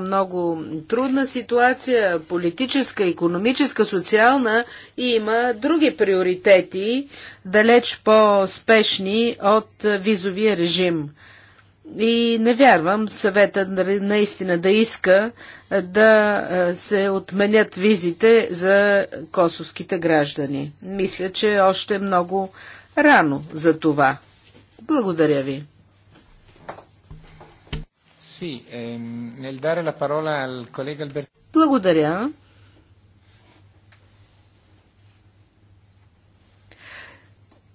много трудна ситуация, политическа, економическа, социална и има други приоритети, далеч по-спешни от визовия режим. И не вярвам съвета нали, наистина да иска да се отменят визите за косовските граждани. Мисля, че е още много рано за това. Благодаря ви. Ehm, Благодаря.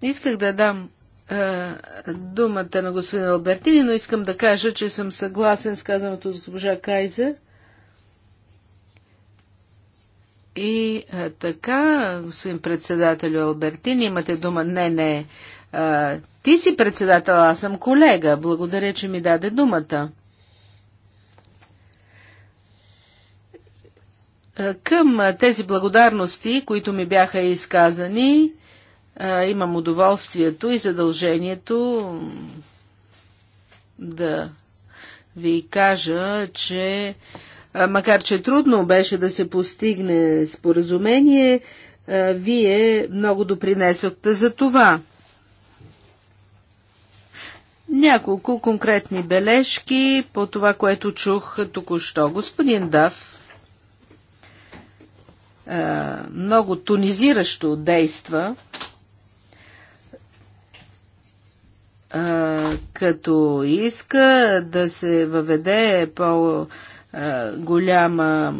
Исках да дам а, е, думата на господин Албертини, но искам да кажа, че съм съгласен с казаното за госпожа Кайзер. И а, е, така, господин председател Албертин, имате дума. Не, не. А, е, ти си председател, аз съм колега. Благодаря, че ми даде думата. Е, към е, тези благодарности, които ми бяха изказани, е, имам удоволствието и задължението да ви кажа, че макар че трудно беше да се постигне споразумение, вие много допринесохте за това. Няколко конкретни бележки по това, което чух току-що. Господин Дав е, много тонизиращо действа, е, като иска да се въведе по-голяма е,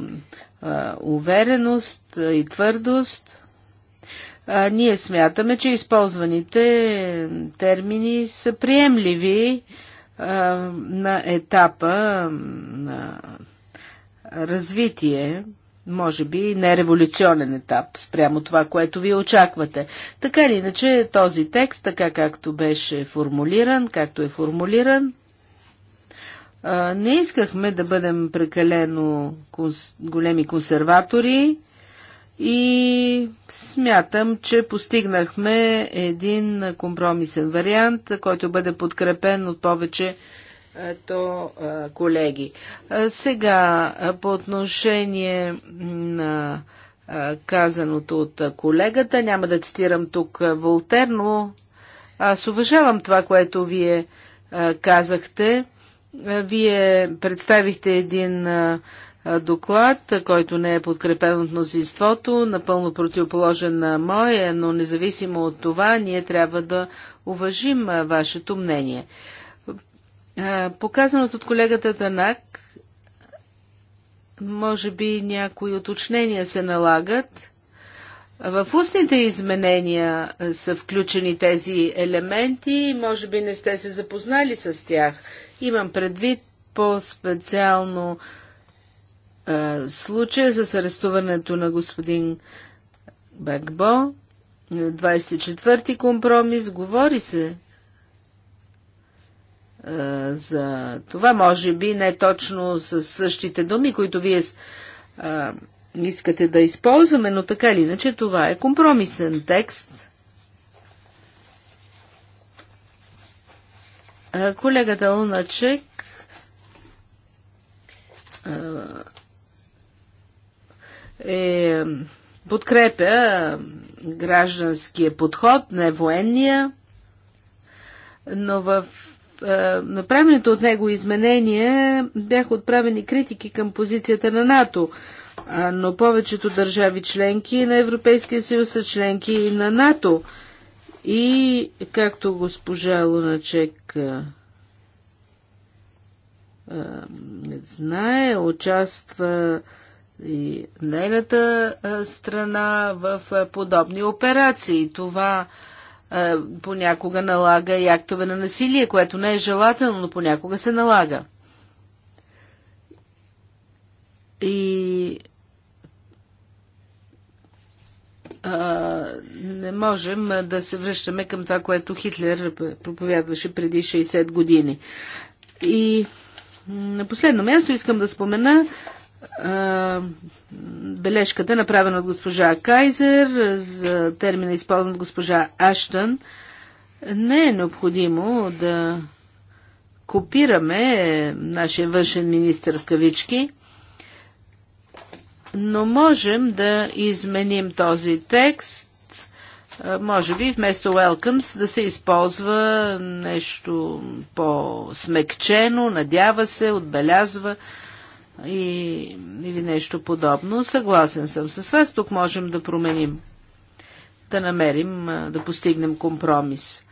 увереност и твърдост. Ние смятаме, че използваните термини са приемливи на етапа на развитие може би, нереволюционен етап спрямо това, което вие очаквате. Така или иначе, този текст, така както беше формулиран, както е формулиран, не искахме да бъдем прекалено конс... големи консерватори и смятам, че постигнахме един компромисен вариант, който бъде подкрепен от повече то колеги. Сега по отношение на казаното от колегата, няма да цитирам тук Волтер, но аз уважавам това, което вие казахте. Вие представихте един доклад, който не е подкрепен от мнозинството, напълно противоположен на моя, но независимо от това, ние трябва да уважим вашето мнение. Показаното от колегата Танак, може би някои уточнения се налагат. В устните изменения са включени тези елементи и може би не сте се запознали с тях. Имам предвид по-специално е, случая с арестуването на господин Бекбо. 24-ти компромис говори се е, за това, може би не точно с същите думи, които вие а, е, искате да използваме, но така или иначе това е компромисен текст. А, е, колегата Луначек е, подкрепя гражданския подход, не военния, но в е, направеното от него изменение бяха отправени критики към позицията на НАТО, но повечето държави членки на Европейския съюз са членки на НАТО. И както госпожа Луначек е, е, не знае, участва и нейната страна в подобни операции. Това понякога налага и актове на насилие, което не е желателно, но понякога се налага. И а, не можем да се връщаме към това, което Хитлер проповядваше преди 60 години. И на последно място искам да спомена бележката, направена от госпожа Кайзер, за термина използван от госпожа Аштън, не е необходимо да копираме нашия външен министр в кавички, но можем да изменим този текст може би вместо Welcomes да се използва нещо по-смекчено, надява се, отбелязва и, или нещо подобно. Съгласен съм с вас, тук можем да променим, да намерим, да постигнем компромис.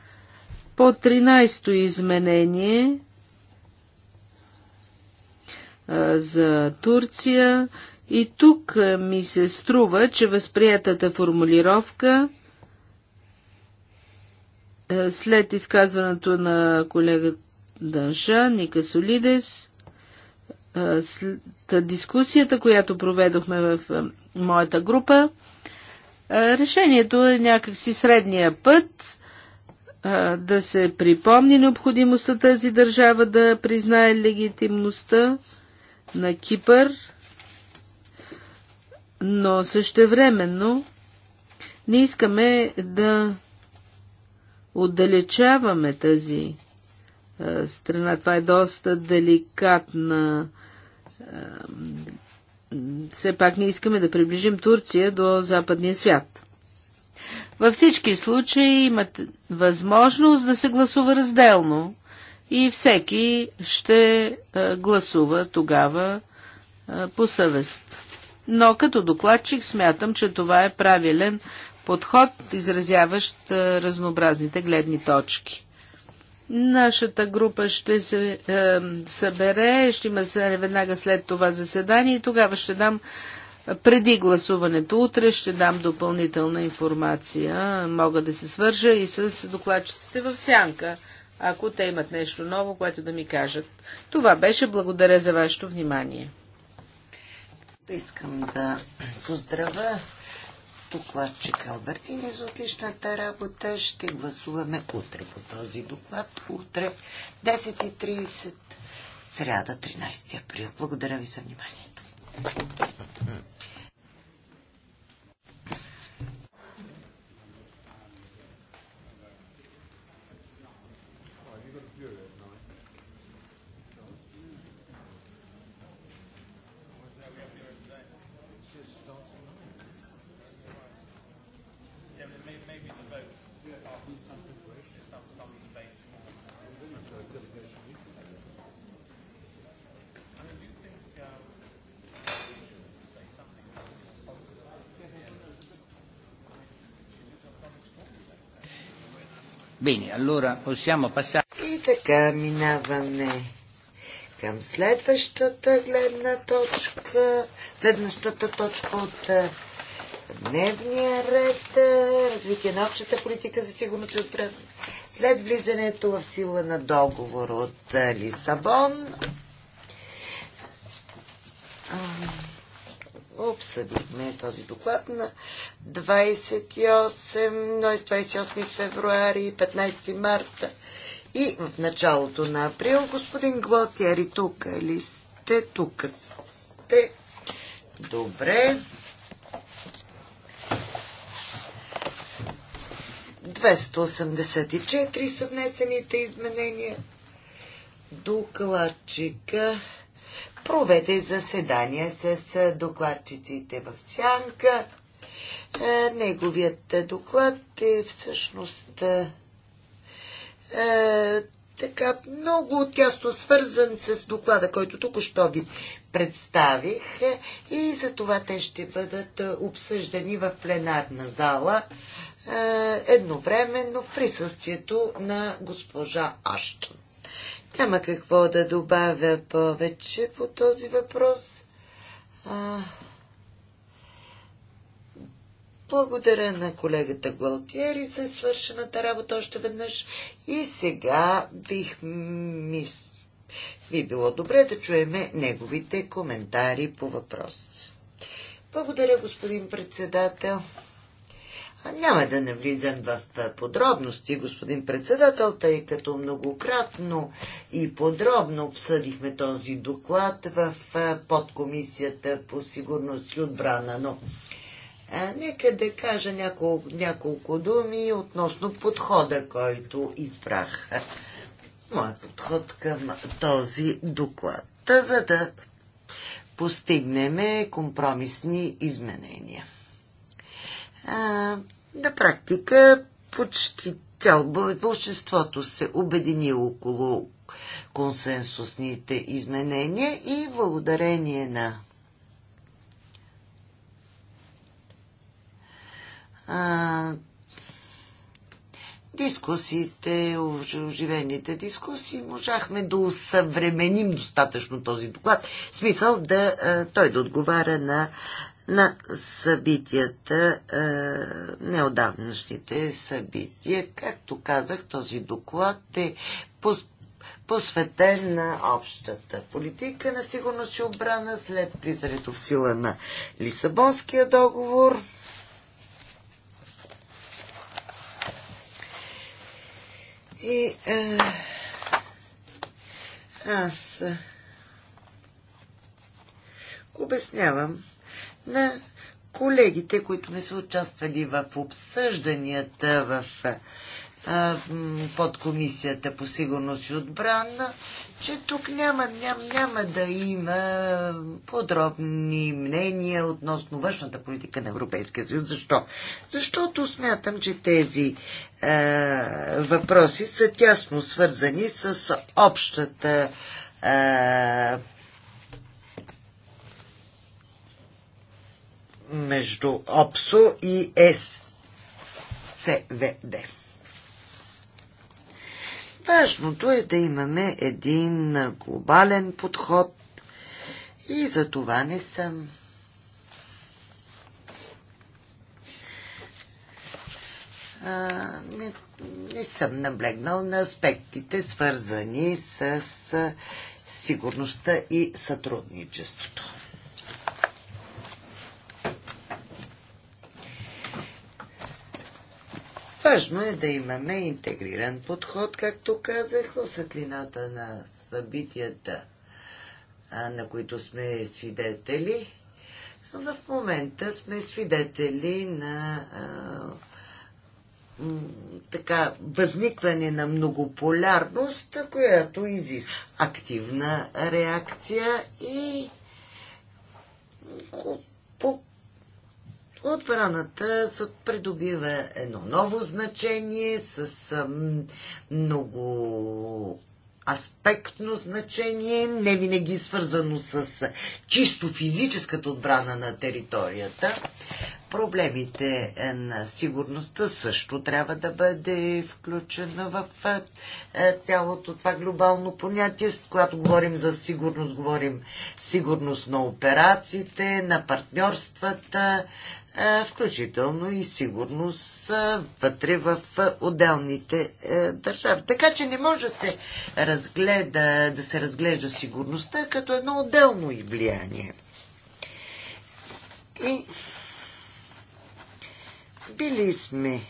По 13-то изменение за Турция и тук ми се струва, че възприятата формулировка след изказването на колега Данша, Ника Солидес, след дискусията, която проведохме в моята група, решението е някакси средния път да се припомни необходимостта тази държава да признае легитимността на Кипър, но същевременно не искаме да отдалечаваме тази страна. Това е доста деликатна все пак не искаме да приближим Турция до западния свят. Във всички случаи имат възможност да се гласува разделно и всеки ще гласува тогава по съвест. Но като докладчик смятам, че това е правилен подход, изразяващ разнообразните гледни точки. Нашата група ще се е, събере, ще има се веднага след това заседание и тогава ще дам е, преди гласуването утре ще дам допълнителна информация. Мога да се свържа и с докладчиците в сянка, ако те имат нещо ново, което да ми кажат. Това беше. Благодаря за вашето внимание. Искам да поздравя докладчик Албертини за отличната работа. Ще гласуваме утре по този доклад. Утре 10.30, сряда 13 април. Благодаря ви за вниманието. Bene, allora possiamo passare... И така минаваме към следващата гледна точка, следващата точка от е, дневния ред, е, развитие на общата политика за сигурност и отбрана след влизането в сила на договор от е, Лисабон. обсъдихме този доклад на 28, 28 февруари, 15 марта и в началото на април. Господин Глотиери, тук ли сте? Тук сте. Добре. 284 са внесените изменения. Докладчика проведе заседание с докладчиците в Сянка. Е, неговият доклад е всъщност е, така много тясно свързан с доклада, който току-що ви представих е, и за това те ще бъдат обсъждани в пленарна зала е, едновременно в присъствието на госпожа Аштън. Няма какво да добавя повече по този въпрос. А... Благодаря на колегата Гуалтиери за свършената работа още веднъж. И сега бих мис... би било добре да чуеме неговите коментари по въпрос. Благодаря, господин председател. Няма да навлизам в подробности, господин председател, тъй като многократно и подробно обсъдихме този доклад в подкомисията по сигурност и отбрана, но а, нека да кажа няколко, няколко думи относно подхода, който избрах. Моят подход към този доклад, за да постигнем компромисни изменения на практика почти цял большинството се обедини около консенсусните изменения и благодарение на а, дискусиите, оживените дискусии, можахме да усъвременим достатъчно този доклад. В смисъл да той да отговаря на на събитията, е, събития. Както казах, този доклад е пос, посветен на общата политика на сигурност и обрана след влизането в сила на Лисабонския договор. И е, аз е, обяснявам на колегите, които не са участвали в обсъжданията в подкомисията по сигурност и отбрана, че тук няма, няма, няма да има подробни мнения относно външната политика на Европейския съюз. Защо? Защото смятам, че тези е, въпроси са тясно свързани с общата е, между ОПСО и СВД. Важното е да имаме един глобален подход и за това не съм. А, не, не съм наблегнал на аспектите, свързани с сигурността и сътрудничеството. Важно е да имаме интегриран подход, както казах, в светлината на събитията, на които сме свидетели. В момента сме свидетели на така възникване на многополярност, която изисква активна реакция и по Отбраната се придобива едно ново значение с много аспектно значение, не винаги свързано с чисто физическата отбрана на територията. Проблемите е, на сигурността също трябва да бъде включена в е, е, цялото това глобално понятие. Когато говорим за сигурност, говорим сигурност на операциите, на партньорствата, включително и сигурност вътре в отделните държави. Така че не може да се разгледа, да се разглежда сигурността като едно отделно и влияние. И били сме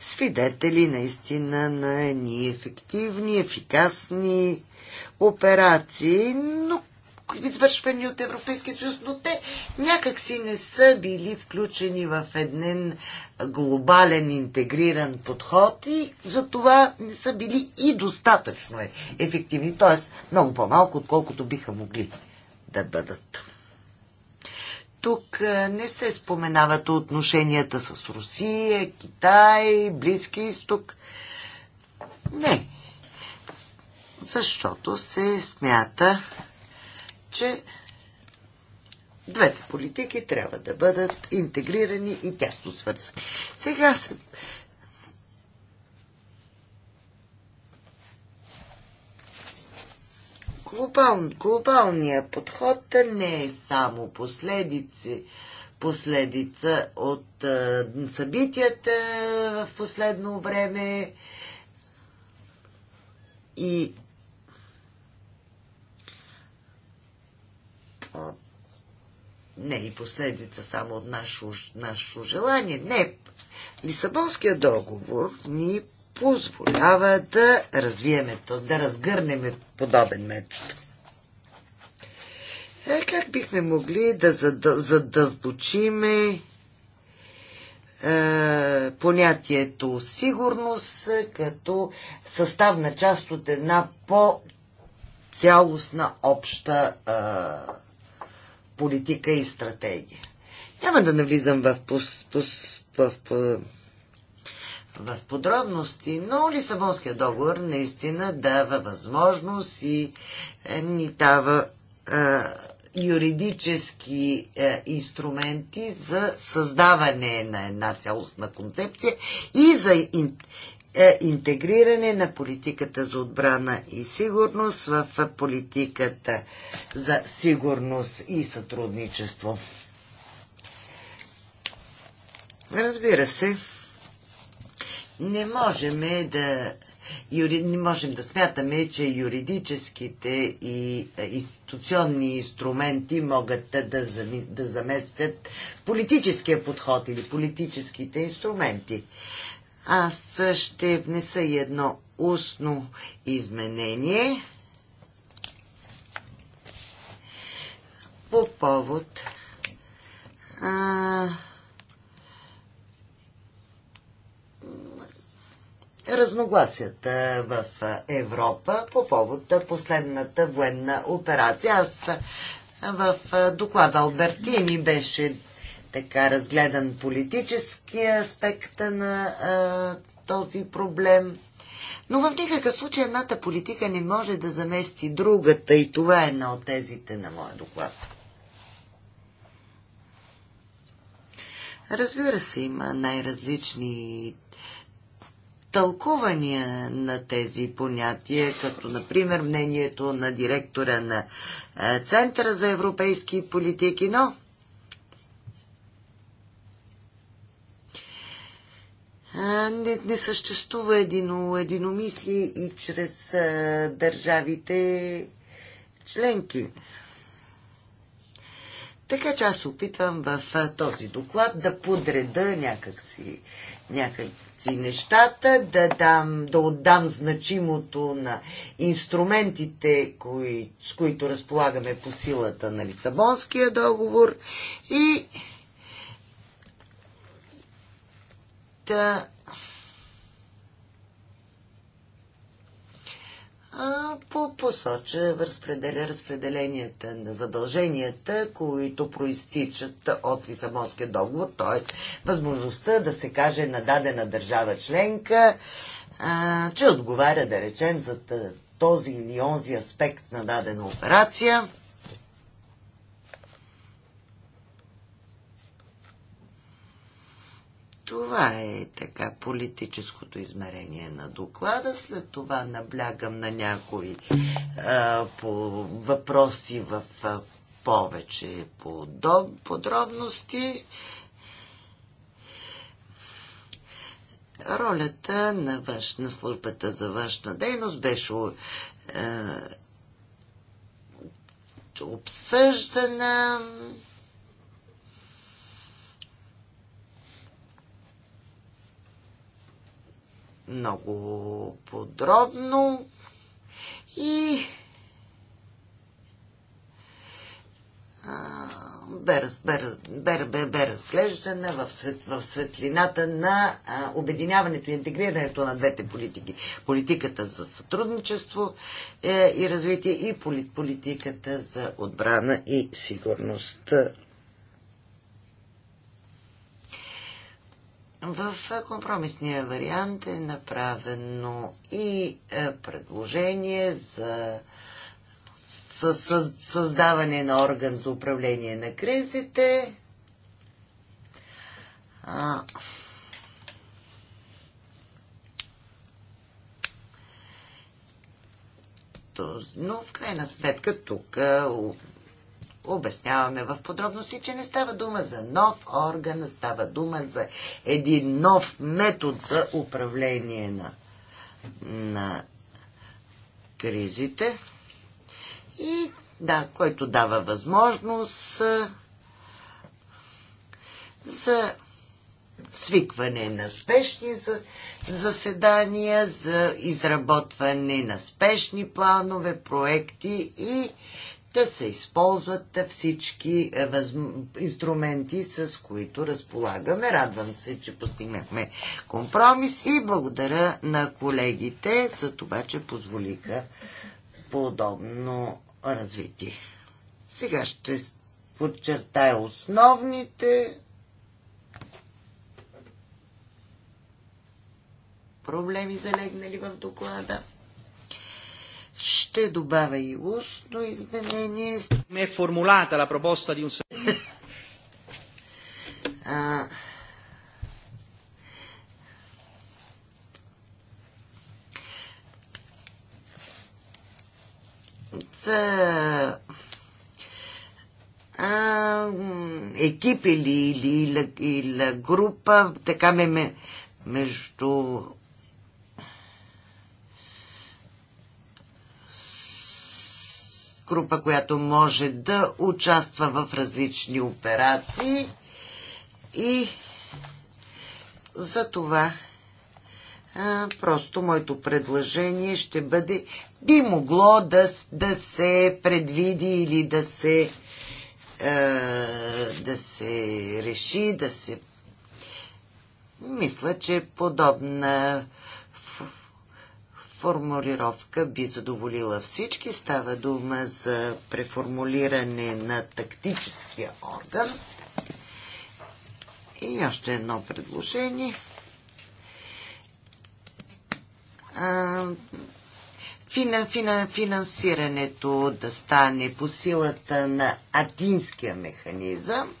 свидетели наистина на ни ефективни, ефикасни операции, но извършвани от Европейския съюз, но те някакси не са били включени в един глобален интегриран подход и за това не са били и достатъчно е ефективни, т.е. много по-малко, отколкото биха могли да бъдат. Тук не се споменават отношенията с Русия, Китай, Близки изток. Не. Защото се смята, че двете политики трябва да бъдат интегрирани и тясно свързани. Сега се глобал, глобалният подход не е само последици, последица от е, събитията в последно време и а, не и последица само от нашо нашо желание. Не, Лисабонския договор ни позволява да развиеме, да разгърнем подобен метод. Е, как бихме могли да задълбочиме да, да е, понятието сигурност като съставна част от една по-цялостна обща е, политика и стратегия. Няма да навлизам в, пус, пус, в, в, в подробности, но Лисабонския договор наистина дава възможност и е, ни дава е, юридически е, инструменти за създаване на една цялостна концепция и за ин, е интегриране на политиката за отбрана и сигурност в политиката за сигурност и сътрудничество. Разбира се, не можем да, юри, не можем да смятаме, че юридическите и е, институционни инструменти могат да, да заместят политическия подход или политическите инструменти. Аз ще внеса и едно устно изменение по повод а, разногласията в Европа по повод последната военна операция. Аз в доклада Албертини беше така разгледан политическия аспект на а, този проблем. Но в никакъв случай едната политика не може да замести другата и това е една от тезите на моя доклад. Разбира се, има най-различни тълкувания на тези понятия, като например мнението на директора на Центъра за европейски политики, но не, не съществува едино, единомисли и чрез а, държавите членки. Така че аз опитвам в а, този доклад да подреда някакси, някакси нещата, да, дам, да отдам значимото на инструментите, кои, с които разполагаме по силата на Лисабонския договор и да а по посоча разпределя разпределенията на задълженията, които проистичат от Лисабонския договор, т.е. възможността да се каже на дадена държава членка, а, че отговаря, да речем, за този или онзи аспект на дадена операция – Това е така политическото измерение на доклада. След това наблягам на някои а, по въпроси в а, повече подробности. Ролята на, въж, на службата за външна дейност беше а, обсъждана. много подробно и бе, бе, бе, бе в, свет, в светлината на а, обединяването и интегрирането на двете политики. Политиката за сътрудничество е, и развитие и полит, политиката за отбрана и сигурност. В компромисния вариант е направено и е, предложение за създаване на орган за управление на кризите. но в крайна сметка тук е, обясняваме в подробности, че не става дума за нов орган, става дума за един нов метод за управление на, на кризите. И да, който дава възможност за свикване на спешни заседания, за изработване на спешни планове, проекти и да се използват всички е, инструменти, с които разполагаме. Радвам се, че постигнахме компромис и благодаря на колегите за това, че позволиха подобно развитие. Сега ще подчертая основните проблеми, залегнали в доклада ще добавя и устно изменение. Ме е формулата la пропоста di un... а... За а, екип или, или, или, или група, така ме, между група, която може да участва в различни операции и за това а, просто моето предложение ще бъде би могло да, да се предвиди или да се а, да се реши, да се мисля, че подобна формулировка би задоволила всички. Става дума за преформулиране на тактическия орган. И още едно предложение. фина, фина, финансирането да стане по силата на атинския механизъм,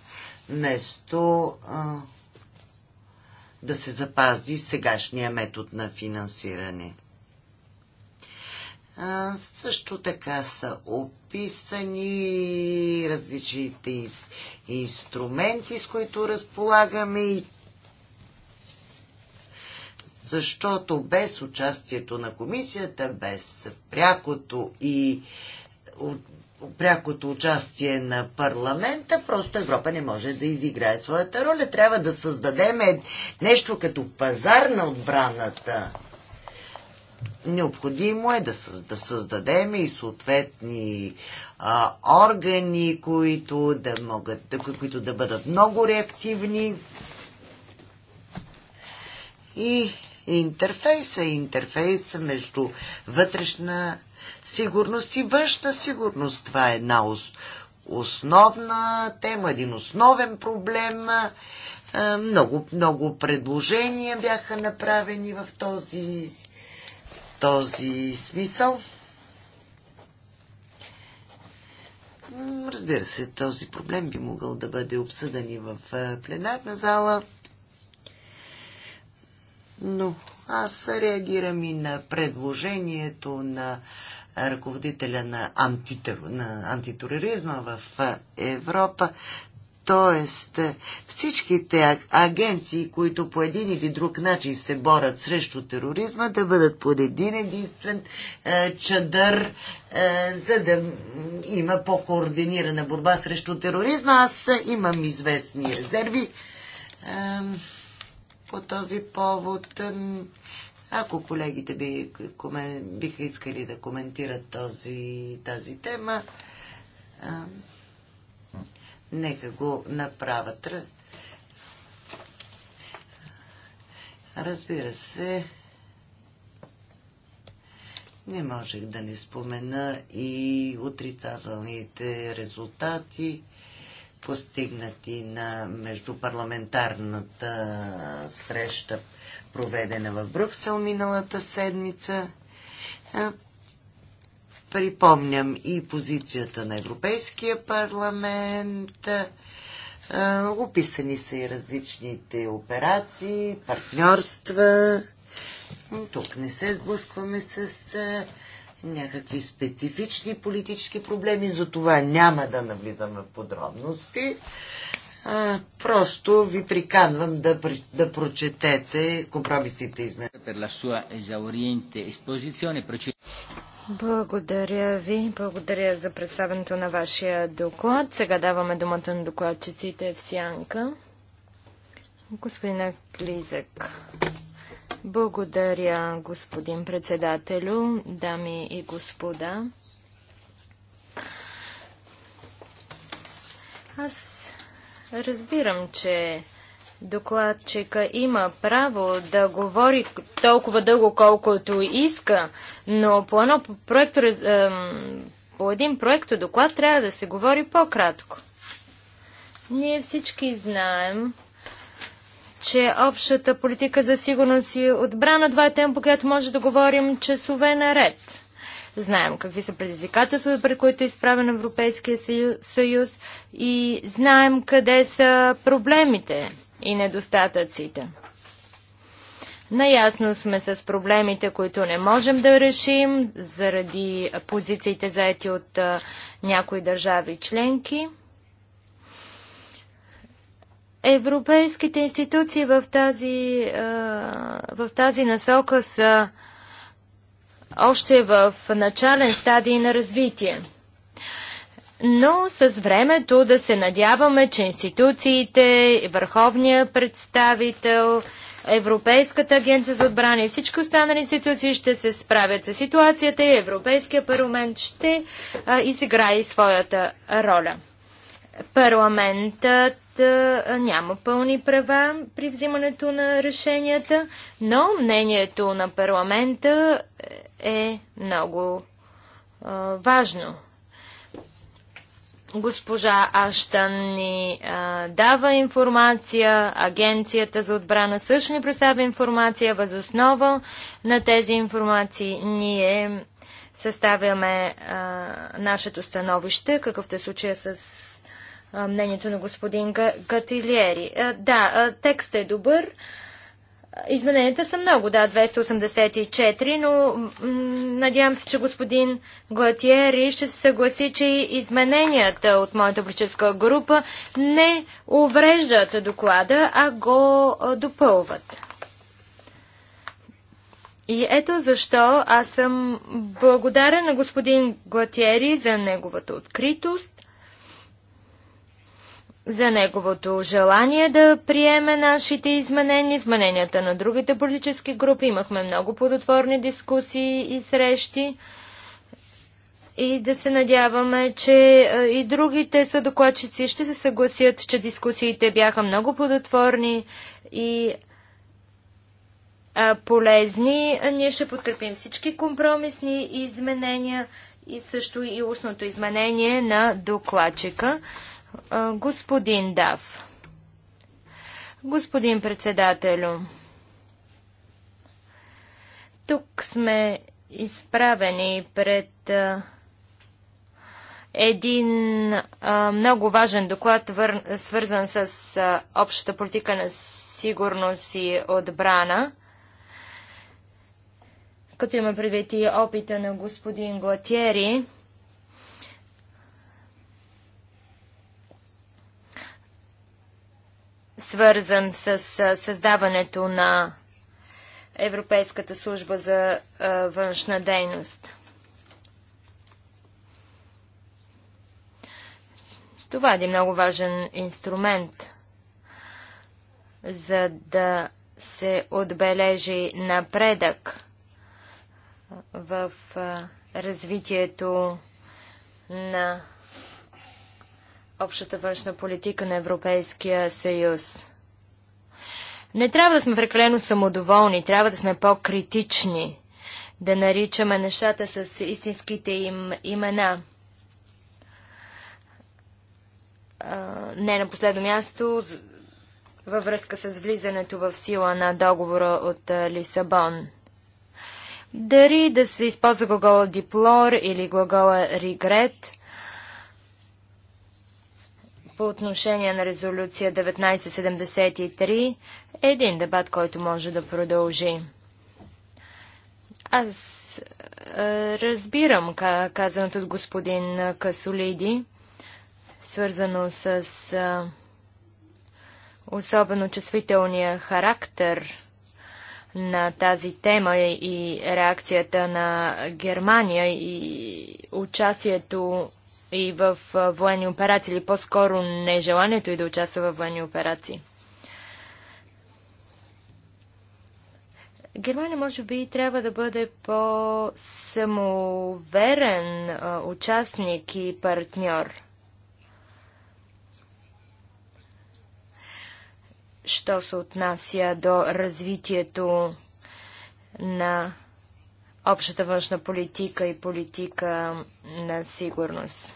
вместо а, да се запази сегашния метод на финансиране също така са описани различните инструменти, с които разполагаме и защото без участието на комисията, без прякото и прякото участие на парламента, просто Европа не може да изиграе своята роля. Трябва да създадем е, нещо като пазар на отбраната. Необходимо е да, да създадем и съответни а, органи, които да, могат, да, които да бъдат много реактивни. И интерфейса, интерфейса между вътрешна сигурност и външна сигурност. Това е една основна тема, един основен проблем. Много, много предложения бяха направени в този този смисъл. Разбира се, този проблем би могъл да бъде обсъден и в пленарна зала. Но аз реагирам и на предложението на ръководителя на, антитер... на антитероризма в Европа Тоест, е, всичките агенции, които по един или друг начин се борят срещу тероризма, да бъдат под един единствен е, чадър, е, за да има по-координирана борба срещу тероризма. Аз имам известни резерви. Е, по този повод, ако колегите би, коме, биха искали да коментират този, тази тема, е, нека го направят. Разбира се, не можех да не спомена и отрицателните резултати, постигнати на междупарламентарната среща, проведена в Брюксел миналата седмица припомням и позицията на Европейския парламент. Описани са и различните операции, партньорства. Тук не се сблъскваме с някакви специфични политически проблеми, за това няма да навлизаме в подробности. А, просто ви приканвам да, да прочетете компромисните изменения. Благодаря ви. Благодаря за представенето на вашия доклад. Сега даваме думата на докладчиците в Сянка. Господина Клизък. Благодаря, господин председателю, дами и господа. Аз разбирам, че Докладчика има право да говори толкова дълго, колкото иска, но по, едно проекто, по един проект доклад трябва да се говори по-кратко. Ние всички знаем, че общата политика за сигурност и отбрана, това е тема, по която може да говорим часове наред. Знаем какви са предизвикателствата, при които е изправен Европейския съюз и знаем къде са проблемите и недостатъците. Наясно сме с проблемите, които не можем да решим заради позициите заети от някои държави членки. Европейските институции в тази, в тази насока са още в начален стадий на развитие но с времето да се надяваме, че институциите, върховния представител, Европейската агенция за отбрана и всички останали институции ще се справят с ситуацията и Европейския парламент ще а, изиграе своята роля. Парламентът а, няма пълни права при взимането на решенията, но мнението на парламента е много а, важно. Госпожа Аштан ни а, дава информация, Агенцията за отбрана също ни представя информация, възоснова на тези информации ние съставяме а, нашето становище, какъвто е случая с а, мнението на господин Гатилиери. А, да, а, текстът е добър, Измененията са много, да, 284, но надявам се, че господин Глатиери ще се съгласи, че измененията от моята политическа група не увреждат доклада, а го допълват. И ето защо аз съм благодарен на господин Глатиери за неговата откритост за неговото желание да приеме нашите изменения, измененията на другите политически групи. Имахме много плодотворни дискусии и срещи. И да се надяваме, че е, и другите съдокладчици ще се съгласят, че дискусиите бяха много плодотворни и е, полезни. Ние ще подкрепим всички компромисни изменения и също и устното изменение на докладчика. Господин Дав. Господин председателю. Тук сме изправени пред един много важен доклад, свързан с общата политика на сигурност и отбрана. Като има предвид и опита на господин Глатери, свързан с създаването на Европейската служба за външна дейност. Това е много важен инструмент, за да се отбележи напредък в развитието на общата външна политика на Европейския съюз. Не трябва да сме прекалено самодоволни, трябва да сме по-критични, да наричаме нещата с истинските им имена. Не на последно място, във връзка с влизането в сила на договора от Лисабон. Дари да се използва глагола диплор или глагола регрет – по отношение на резолюция 1973 е един дебат, който може да продължи. Аз е, разбирам казаното от господин Касолиди, свързано с е, особено чувствителния характер на тази тема и реакцията на Германия и участието и в военни операции, или по-скоро нежеланието и да участва в военни операции. Германия може би трябва да бъде по самоверен участник и партньор. Що се отнася до развитието на общата външна политика и политика на сигурност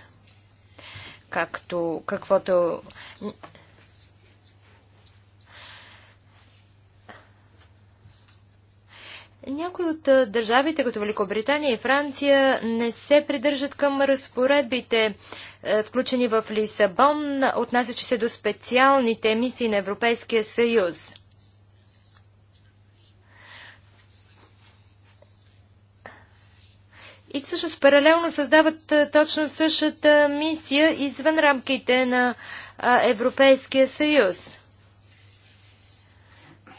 както каквото Някои от държавите, като Великобритания и Франция, не се придържат към разпоредбите, е, включени в Лисабон, отнасящи се до специалните мисии на Европейския съюз. и всъщност паралелно създават точно същата мисия извън рамките на Европейския съюз.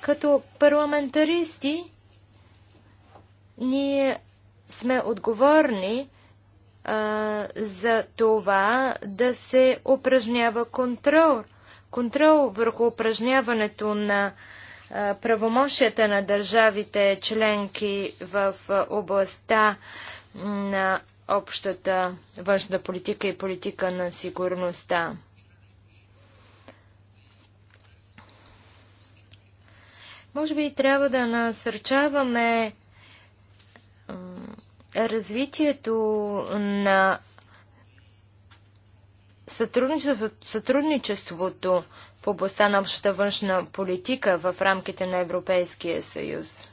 Като парламентаристи ние сме отговорни а, за това да се упражнява контрол. Контрол върху упражняването на правомощията на държавите членки в областта на общата външна политика и политика на сигурността. Може би трябва да насърчаваме развитието на сътрудничеството, сътрудничеството в областта на общата външна политика в рамките на Европейския съюз.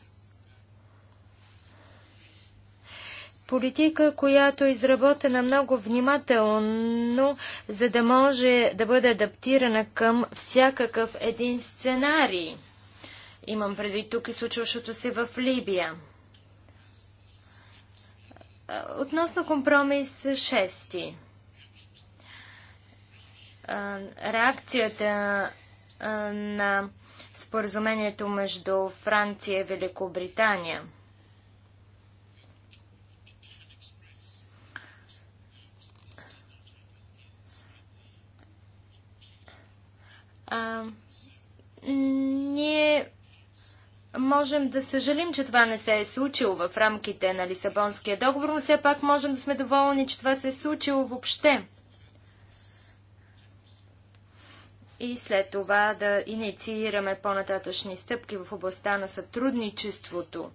политика, която е изработена много внимателно, за да може да бъде адаптирана към всякакъв един сценарий. Имам предвид тук и случващото се в Либия. Относно компромис 6. Реакцията на споразумението между Франция и Великобритания – А, ние можем да съжалим, че това не се е случило в рамките на Лисабонския договор, но все пак можем да сме доволни, че това се е случило въобще. И след това да инициираме по-нататъчни стъпки в областта на сътрудничеството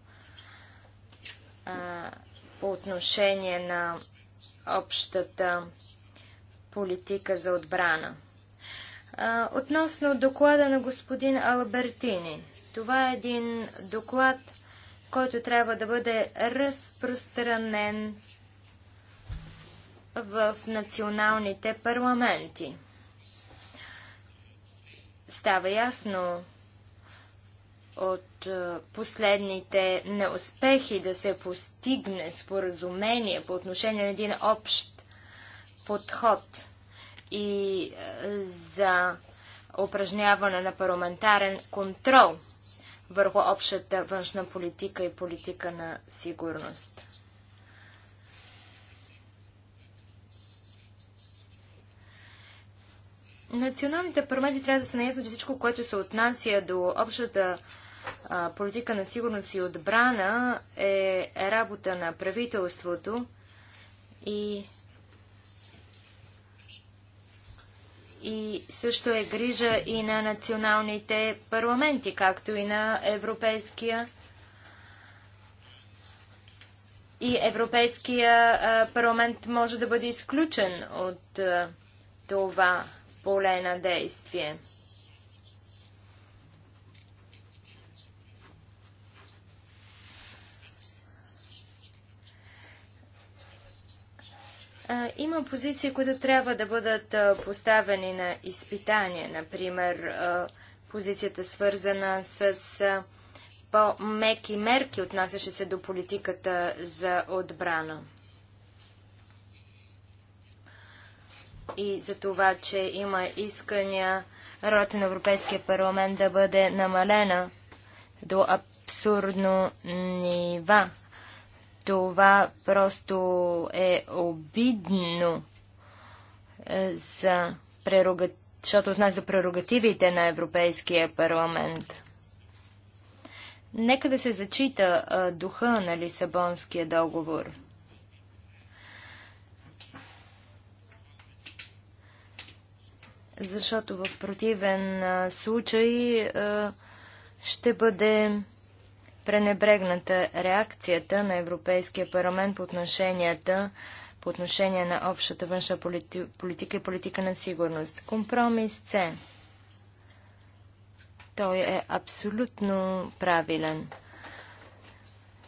а, по отношение на общата политика за отбрана относно доклада на господин Албертини. Това е един доклад, който трябва да бъде разпространен в националните парламенти. Става ясно от последните неуспехи да се постигне споразумение по отношение на един общ подход – и е, за упражняване на парламентарен контрол върху общата външна политика и политика на сигурност. Националните парламенти трябва да са наясно, че всичко, което се отнася до общата политика на сигурност и отбрана е, е работа на правителството и и също е грижа и на националните парламенти, както и на Европейския и Европейския парламент може да бъде изключен от това поле на действие. Има позиции, които трябва да бъдат поставени на изпитание. Например, позицията свързана с по-меки мерки, отнасящи се до политиката за отбрана. И за това, че има искания ролята на Европейския парламент да бъде намалена до абсурдно нива това просто е обидно е, за прерогативите защото отнася за прерогативите на Европейския парламент. Нека да се зачита а, е, духа на Лисабонския договор. Защото в противен а, е, случай а, ще бъде пренебрегната реакцията на Европейския парламент по отношенията по отношение на общата външна политика и политика на сигурност. Компромис С. Той е абсолютно правилен.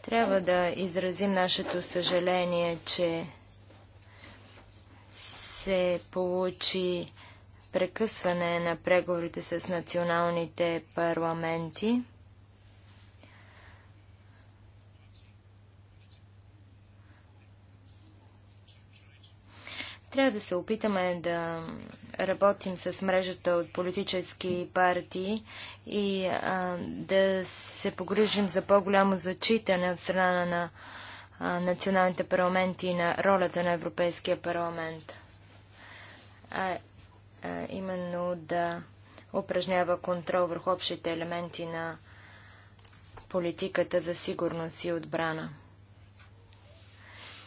Трябва да изразим нашето съжаление, че се получи прекъсване на преговорите с националните парламенти – Трябва да се опитаме да работим с мрежата от политически партии и а, да се погрижим за по-голямо зачитане от страна на а, националните парламенти и на ролята на Европейския парламент. А, а именно да упражнява контрол върху общите елементи на политиката за сигурност и отбрана.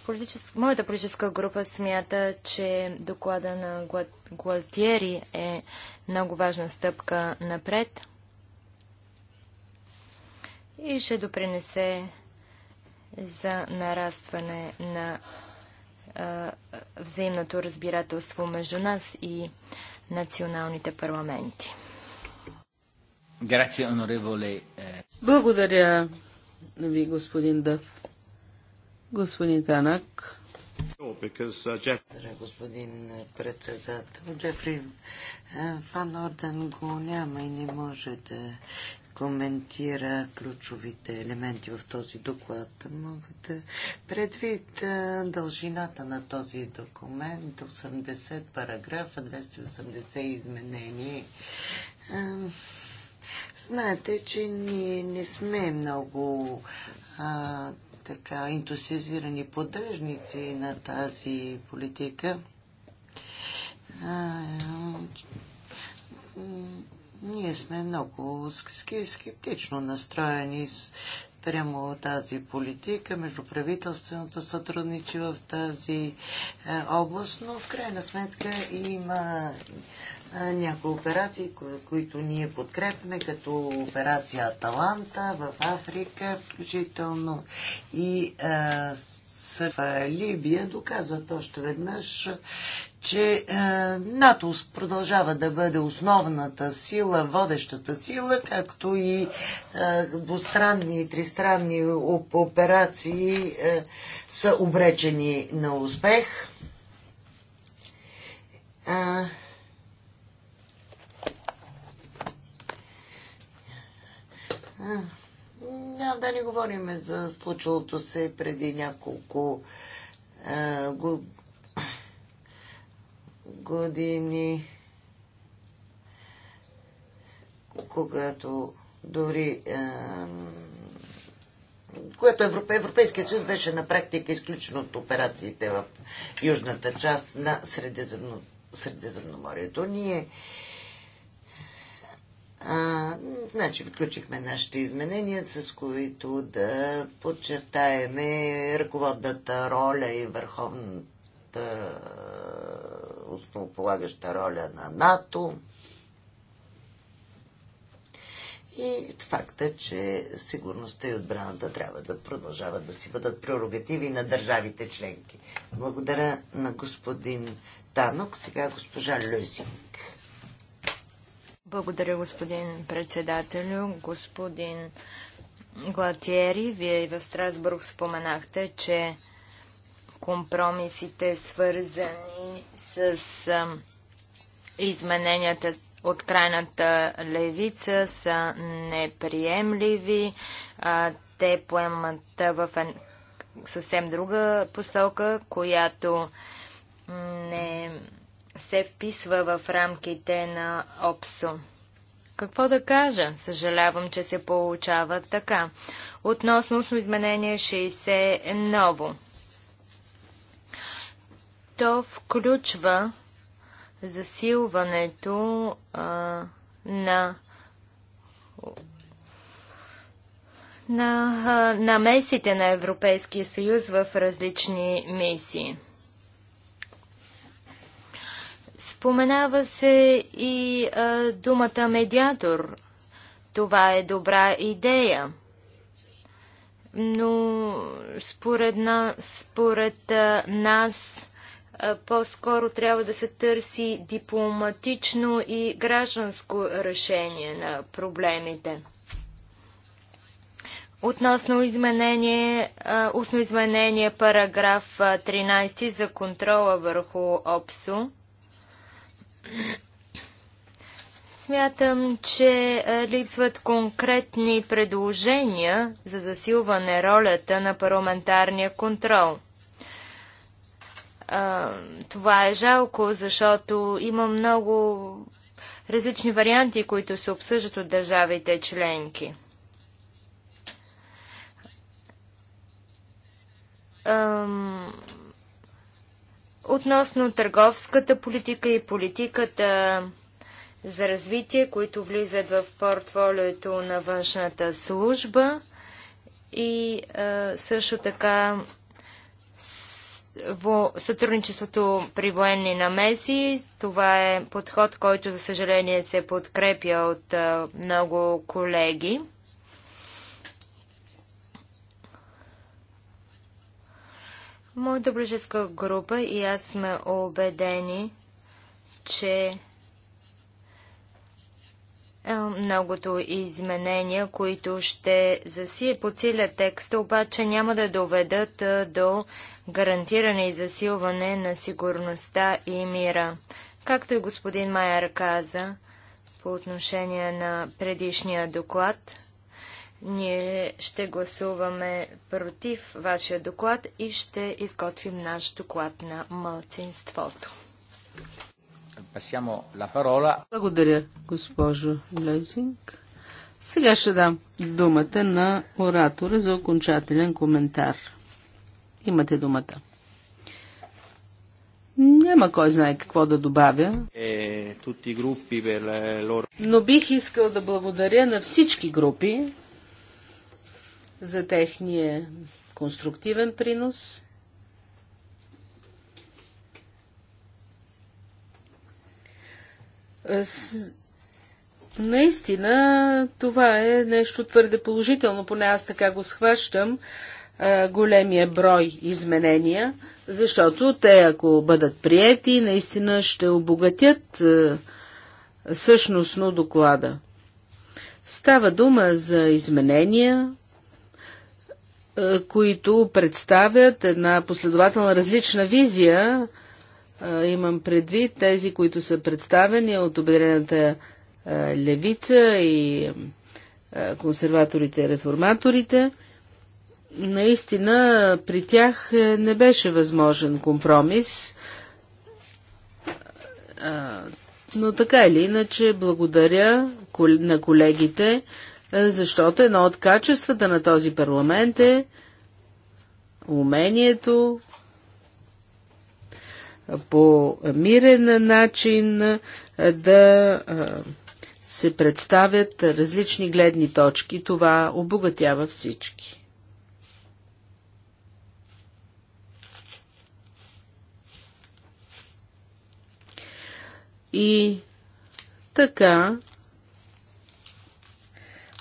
Политичес... Моята политическа група смята, че доклада на Гуалтиери е много важна стъпка напред и ще допринесе за нарастване на а, взаимното разбирателство между нас и националните парламенти. Е. Благодаря ви, господин Дъв. Господин Танак. Uh, Благодаря, господин председател. Джефри е, Ван Орден го няма и не може да коментира ключовите елементи в този доклад. Мога да предвид е, дължината на този документ, 80 параграфа, 280 изменения. Е, знаете, че ние не сме много а, така ентусиазирани поддръжници на тази политика, ние сме много скептично настроени прямо тази политика, междуправителственото сътрудничи в тази област, но в крайна сметка има някои операции, които ние подкрепяме, като операция Аталанта в Африка, включително и а, Либия, доказват още веднъж, че а, НАТО продължава да бъде основната сила, водещата сила, както и а, двустранни и тристранни операции а, са обречени на успех. А, Да, да не говорим за случилото се преди няколко а, го, години, когато дори а, което Европейския съюз беше на практика изключен от операциите в южната част на Средиземно, Средиземноморието. Ние а, значи, включихме нашите изменения, с които да подчертаеме ръководната роля и върховната основополагаща роля на НАТО. И факта, че сигурността и отбраната трябва да продължават да си бъдат прерогативи на държавите членки. Благодаря на господин Танок. Сега госпожа Люсинг. Благодаря, господин председателю. Господин Глатиери, вие и в Страсбург споменахте, че компромисите, свързани с измененията от крайната левица, са неприемливи. Те поемат в съвсем друга посока, която не е се вписва в рамките на ОПСО. Какво да кажа? Съжалявам, че се получава така. Относно изменение 60 е ново. То включва засилването а, на на намесите на, на Европейския съюз в различни мисии. Споменава се и а, думата медиатор. Това е добра идея. Но според, на, според а, нас по-скоро трябва да се търси дипломатично и гражданско решение на проблемите. Относно изменение, устно изменение параграф 13 за контрола върху ОПСО. Смятам, че е, липсват конкретни предложения за засилване ролята на парламентарния контрол. Това е жалко, защото има много различни варианти, които се обсъждат от държавите членки. Относно търговската политика и политиката за развитие, които влизат в портфолиото на външната служба и а, също така сътрудничеството при военни намеси. Това е подход, който за съжаление се подкрепя от а, много колеги. Моята ближеска група и аз сме убедени, че е, многото изменения, които ще по подсилят текст, обаче няма да доведат е, до гарантиране и засилване на сигурността и мира. Както и господин Майер каза по отношение на предишния доклад, ние ще гласуваме против вашия доклад и ще изготвим наш доклад на мълцинството. Благодаря, госпожо Лезинг. Сега ще дам думата на оратора за окончателен коментар. Имате думата. Няма кой знае какво да добавя. Е, Но бих искал да благодаря на всички групи за техния конструктивен принос. Наистина, това е нещо твърде положително, поне аз така го схващам, големия брой изменения, защото те, ако бъдат приети, наистина ще обогатят същностно доклада. Става дума за изменения, е, които представят една последователна различна визия. Е, имам предвид тези, които са представени от Обединената е, левица и консерваторите и реформаторите. Наистина при тях не беше възможен компромис. Но така или иначе, благодаря на колегите, е, защото едно от качествата на този парламент е умението по мирен начин е, да е, се представят различни гледни точки. Това обогатява всички. И така,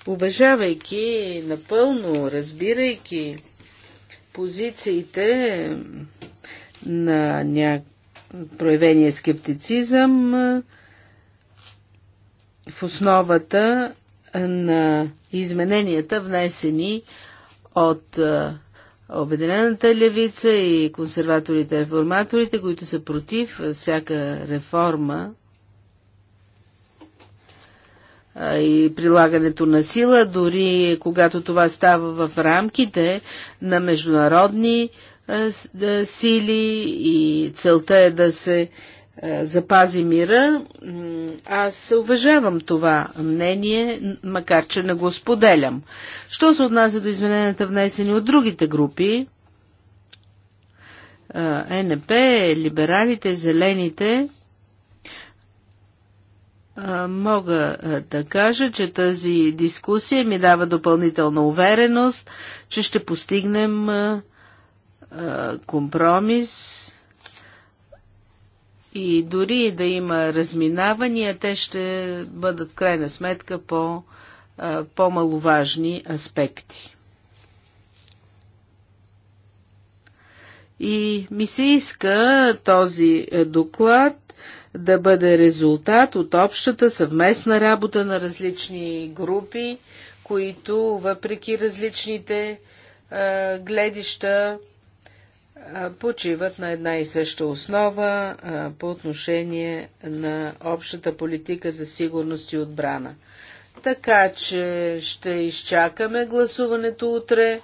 уважавайки напълно, разбирайки позициите на ня... проявения скептицизъм в основата на измененията, внесени от Обединената левица и консерваторите-реформаторите, които са против всяка реформа и прилагането на сила, дори когато това става в рамките на международни сили и целта е да се запази мира. Аз уважавам това мнение, макар че не го споделям. Що се отнася до измененията внесени от другите групи, е НП, либералите, зелените, Мога да кажа, че тази дискусия ми дава допълнителна увереност, че ще постигнем компромис и дори да има разминавания, те ще бъдат в крайна сметка по по-маловажни аспекти. И ми се иска този е, доклад да бъде резултат от общата съвместна работа на различни групи, които въпреки различните а, е, гледища а, е, почиват на една и съща основа а, е, по отношение на общата политика за сигурност и отбрана. Така че ще изчакаме гласуването утре.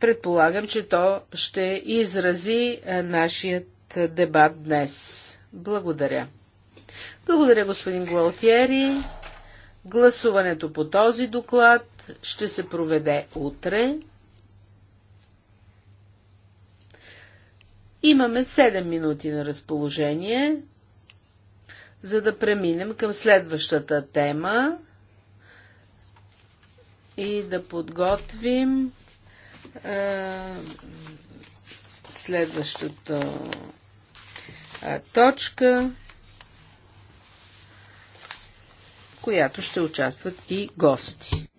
Предполагам, че то ще изрази нашият дебат днес. Благодаря. Благодаря, господин Гуалтиери. Гласуването по този доклад ще се проведе утре. Имаме 7 минути на разположение, за да преминем към следващата тема и да подготвим е, следващото точка, в която ще участват и гости.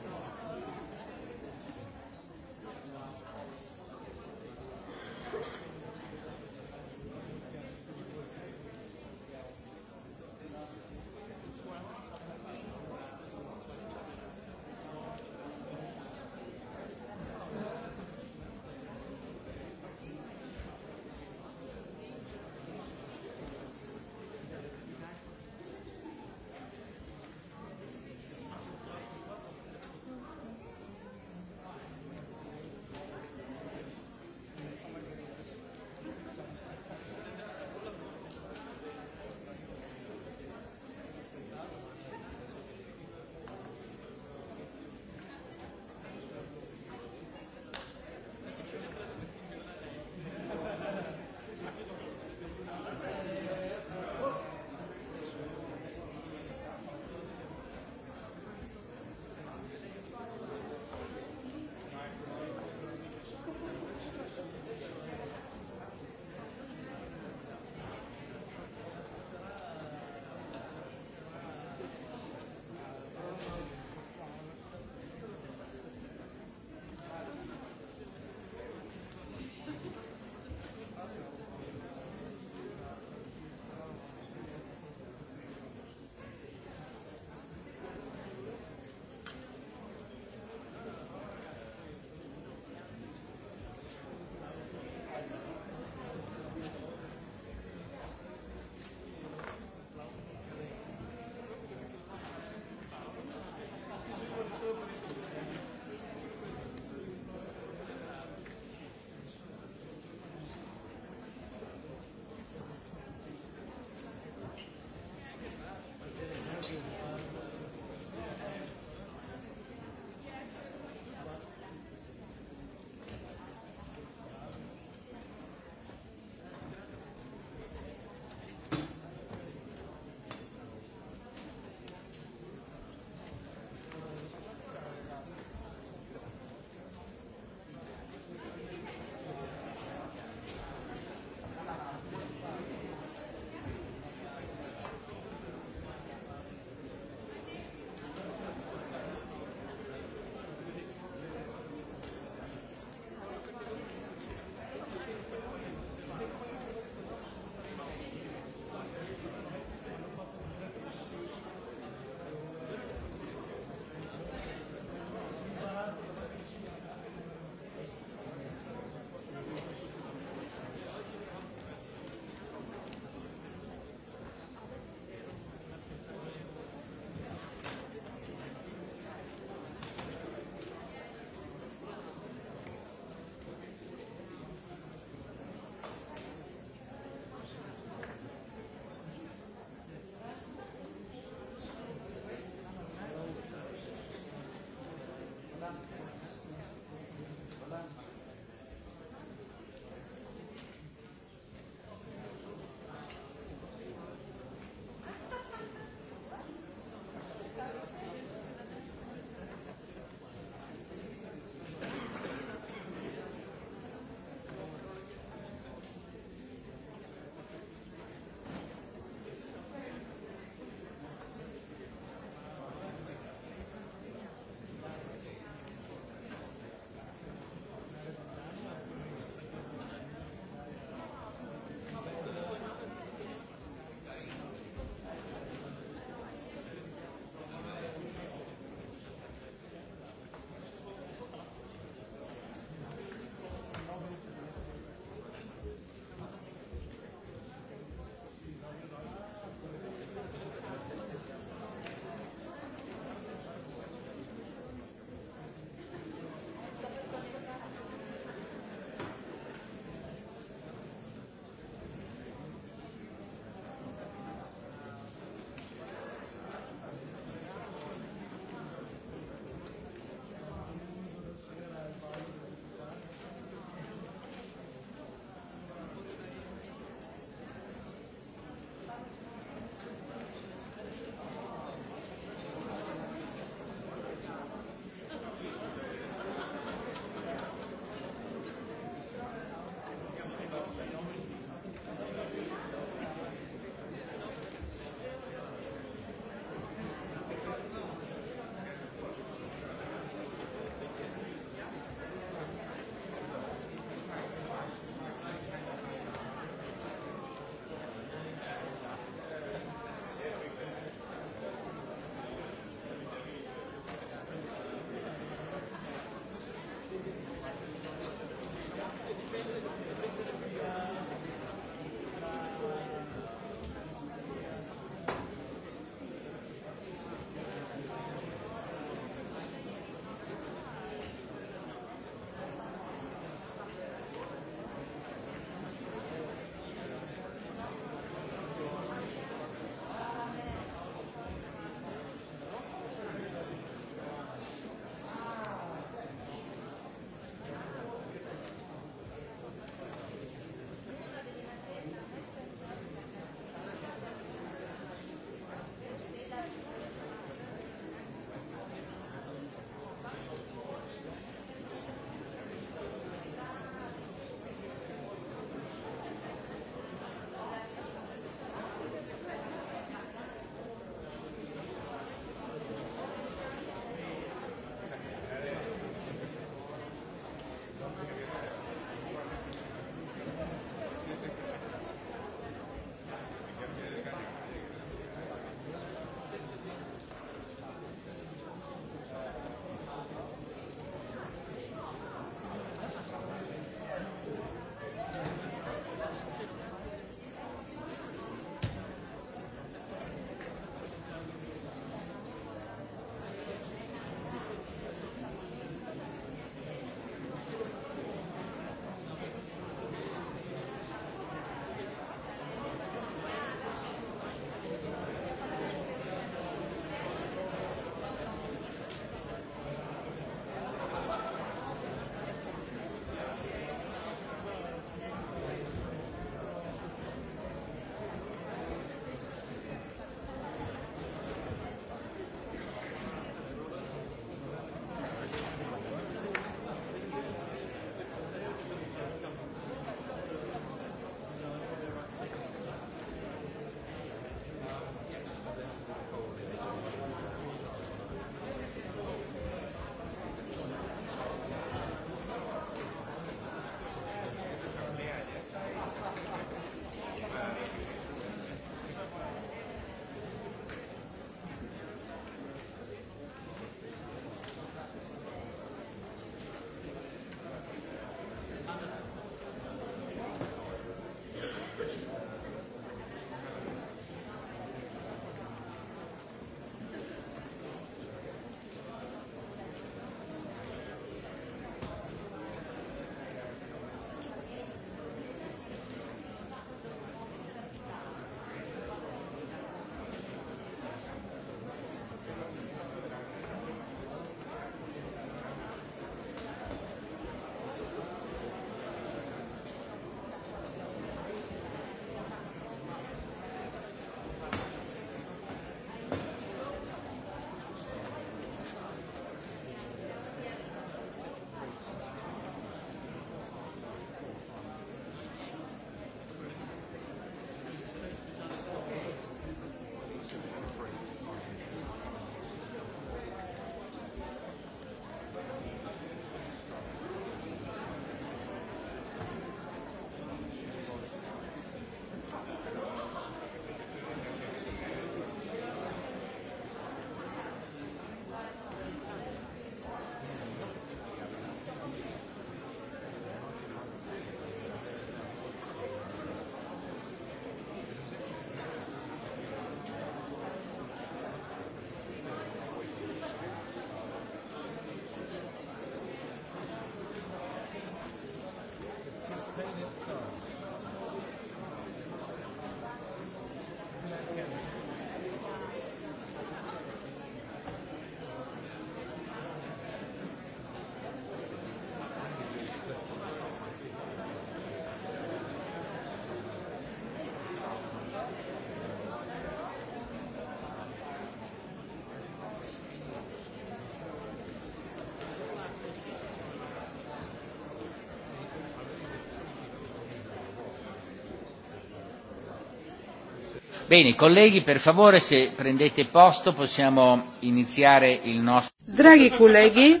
Bene, colleghi, per favore, se prendete posto, possiamo iniziare il nostro... Драги колеги,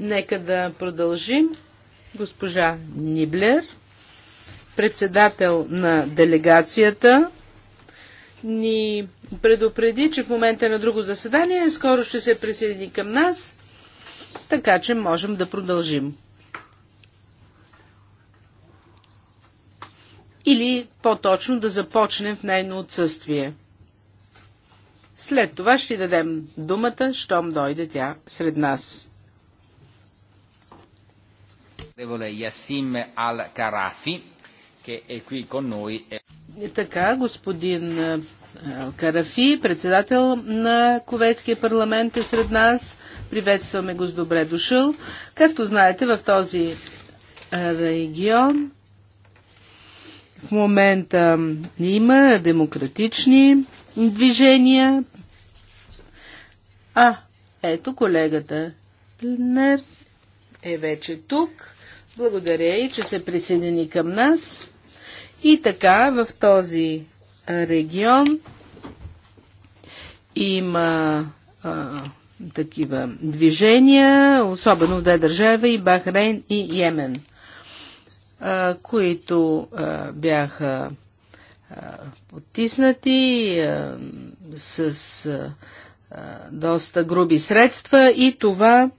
нека да продължим. Госпожа Ниблер, председател на делегацията, ни предупреди, че в момента е на друго заседание скоро ще се присъедини към нас, така че можем да продължим. или по-точно да започнем в нейно отсъствие. След това ще дадем думата, щом дойде тя сред нас. Така, господин Карафи, е, председател на Ковецкия парламент е сред нас. Приветстваме го с добре дошъл. Както знаете, в този регион в момента има демократични движения. А, ето колегата Лнер е вече тук. Благодаря и, че се присъедини към нас. И така, в този регион има а, такива движения, особено в две държави и Бахрейн и Йемен които бяха потиснати с доста груби средства и това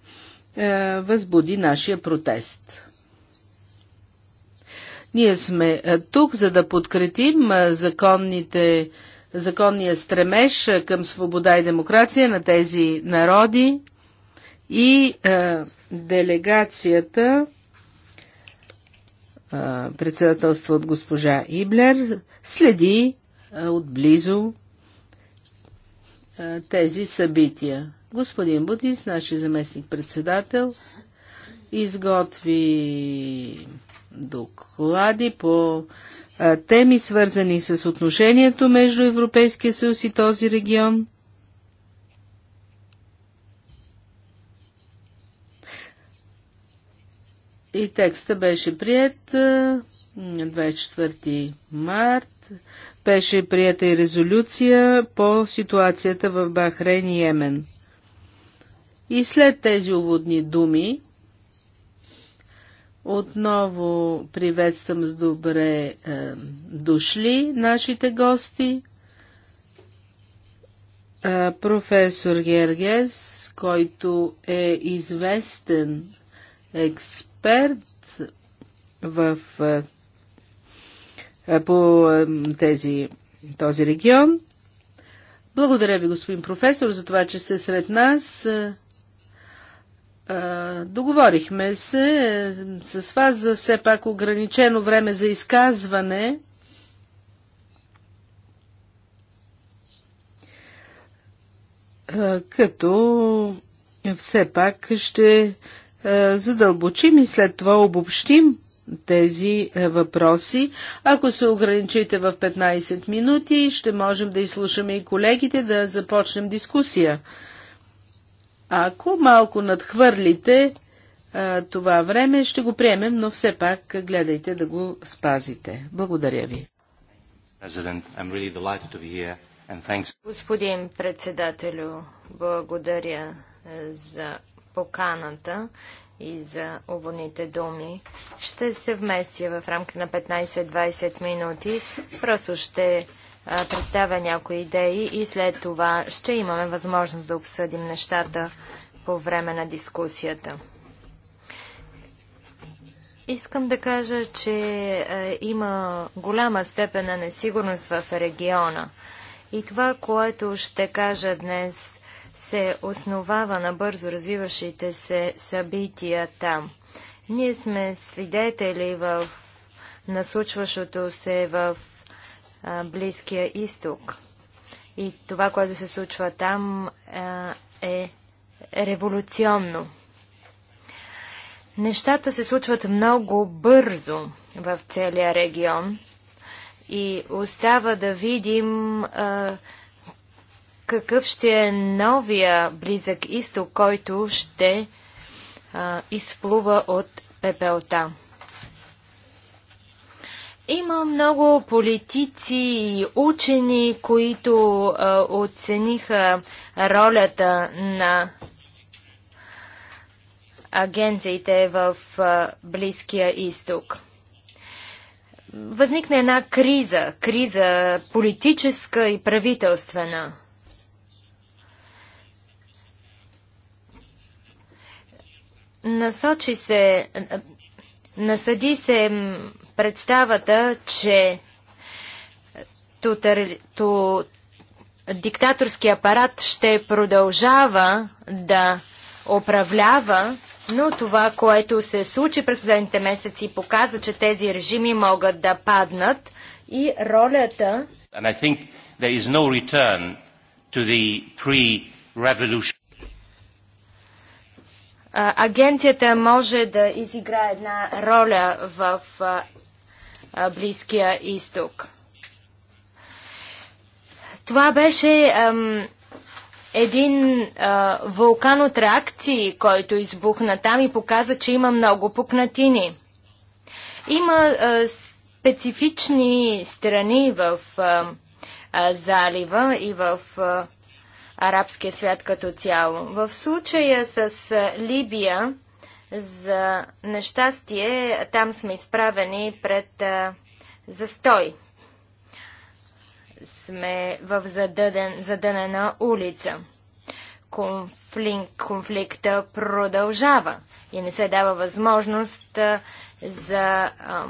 възбуди нашия протест. Ние сме тук, за да подкрепим законните, законния стремеж към свобода и демокрация на тези народи и е, делегацията председателства от госпожа Иблер, следи отблизо тези събития. Господин Бутис, нашия заместник-председател, изготви доклади по теми, свързани с отношението между Европейския съюз и този регион. И текста беше прият 24 март. Беше прията и резолюция по ситуацията в Бахрейн и Йемен. И след тези уводни думи, отново приветствам с добре е, дошли нашите гости. Е, професор Гергес, който е известен експерт експерт в, по тези, този регион. Благодаря ви, господин професор, за това, че сте сред нас. Договорихме се с вас за все пак ограничено време за изказване. Като все пак ще е, задълбочим и след това обобщим тези е, въпроси. Ако се ограничите в 15 минути, ще можем да изслушаме и колегите да започнем дискусия. Ако малко надхвърлите е, това време, ще го приемем, но все пак гледайте да го спазите. Благодаря ви. Господин председателю, благодаря за поканата и за уводните думи. Ще се вместя в рамка на 15-20 минути. Просто ще представя някои идеи и след това ще имаме възможност да обсъдим нещата по време на дискусията. Искам да кажа, че е, има голяма степен на несигурност в региона. И това, което ще кажа днес, се основава на бързо развиващите се събития там. Ние сме свидетели в насучващото се в а, Близкия изток. И това, което се случва там, а, е революционно. Нещата се случват много бързо в целия регион и остава да видим а, какъв ще е новия близък изток, който ще а, изплува от пепелта. Има много политици и учени, които а, оцениха ролята на агенциите в а, Близкия изток. Възникна една криза, криза политическа и правителствена – Насочи се, насъди се представата, че тутър, ту, диктаторски апарат ще продължава да управлява, но това, което се случи през последните месеци, показа, че тези режими могат да паднат и ролята And I think there is no return to the pre-revolution агенцията може да изиграе една роля в Близкия изток. Това беше ем, един е, вулкан от реакции, който избухна там и показа, че има много пукнатини. Има е, специфични страни в е, залива и в арабския свят като цяло. В случая с Либия, за нещастие, там сме изправени пред а, застой. Сме в задъден, задънена улица. Конфликт, конфликта продължава и не се дава възможност а, за а,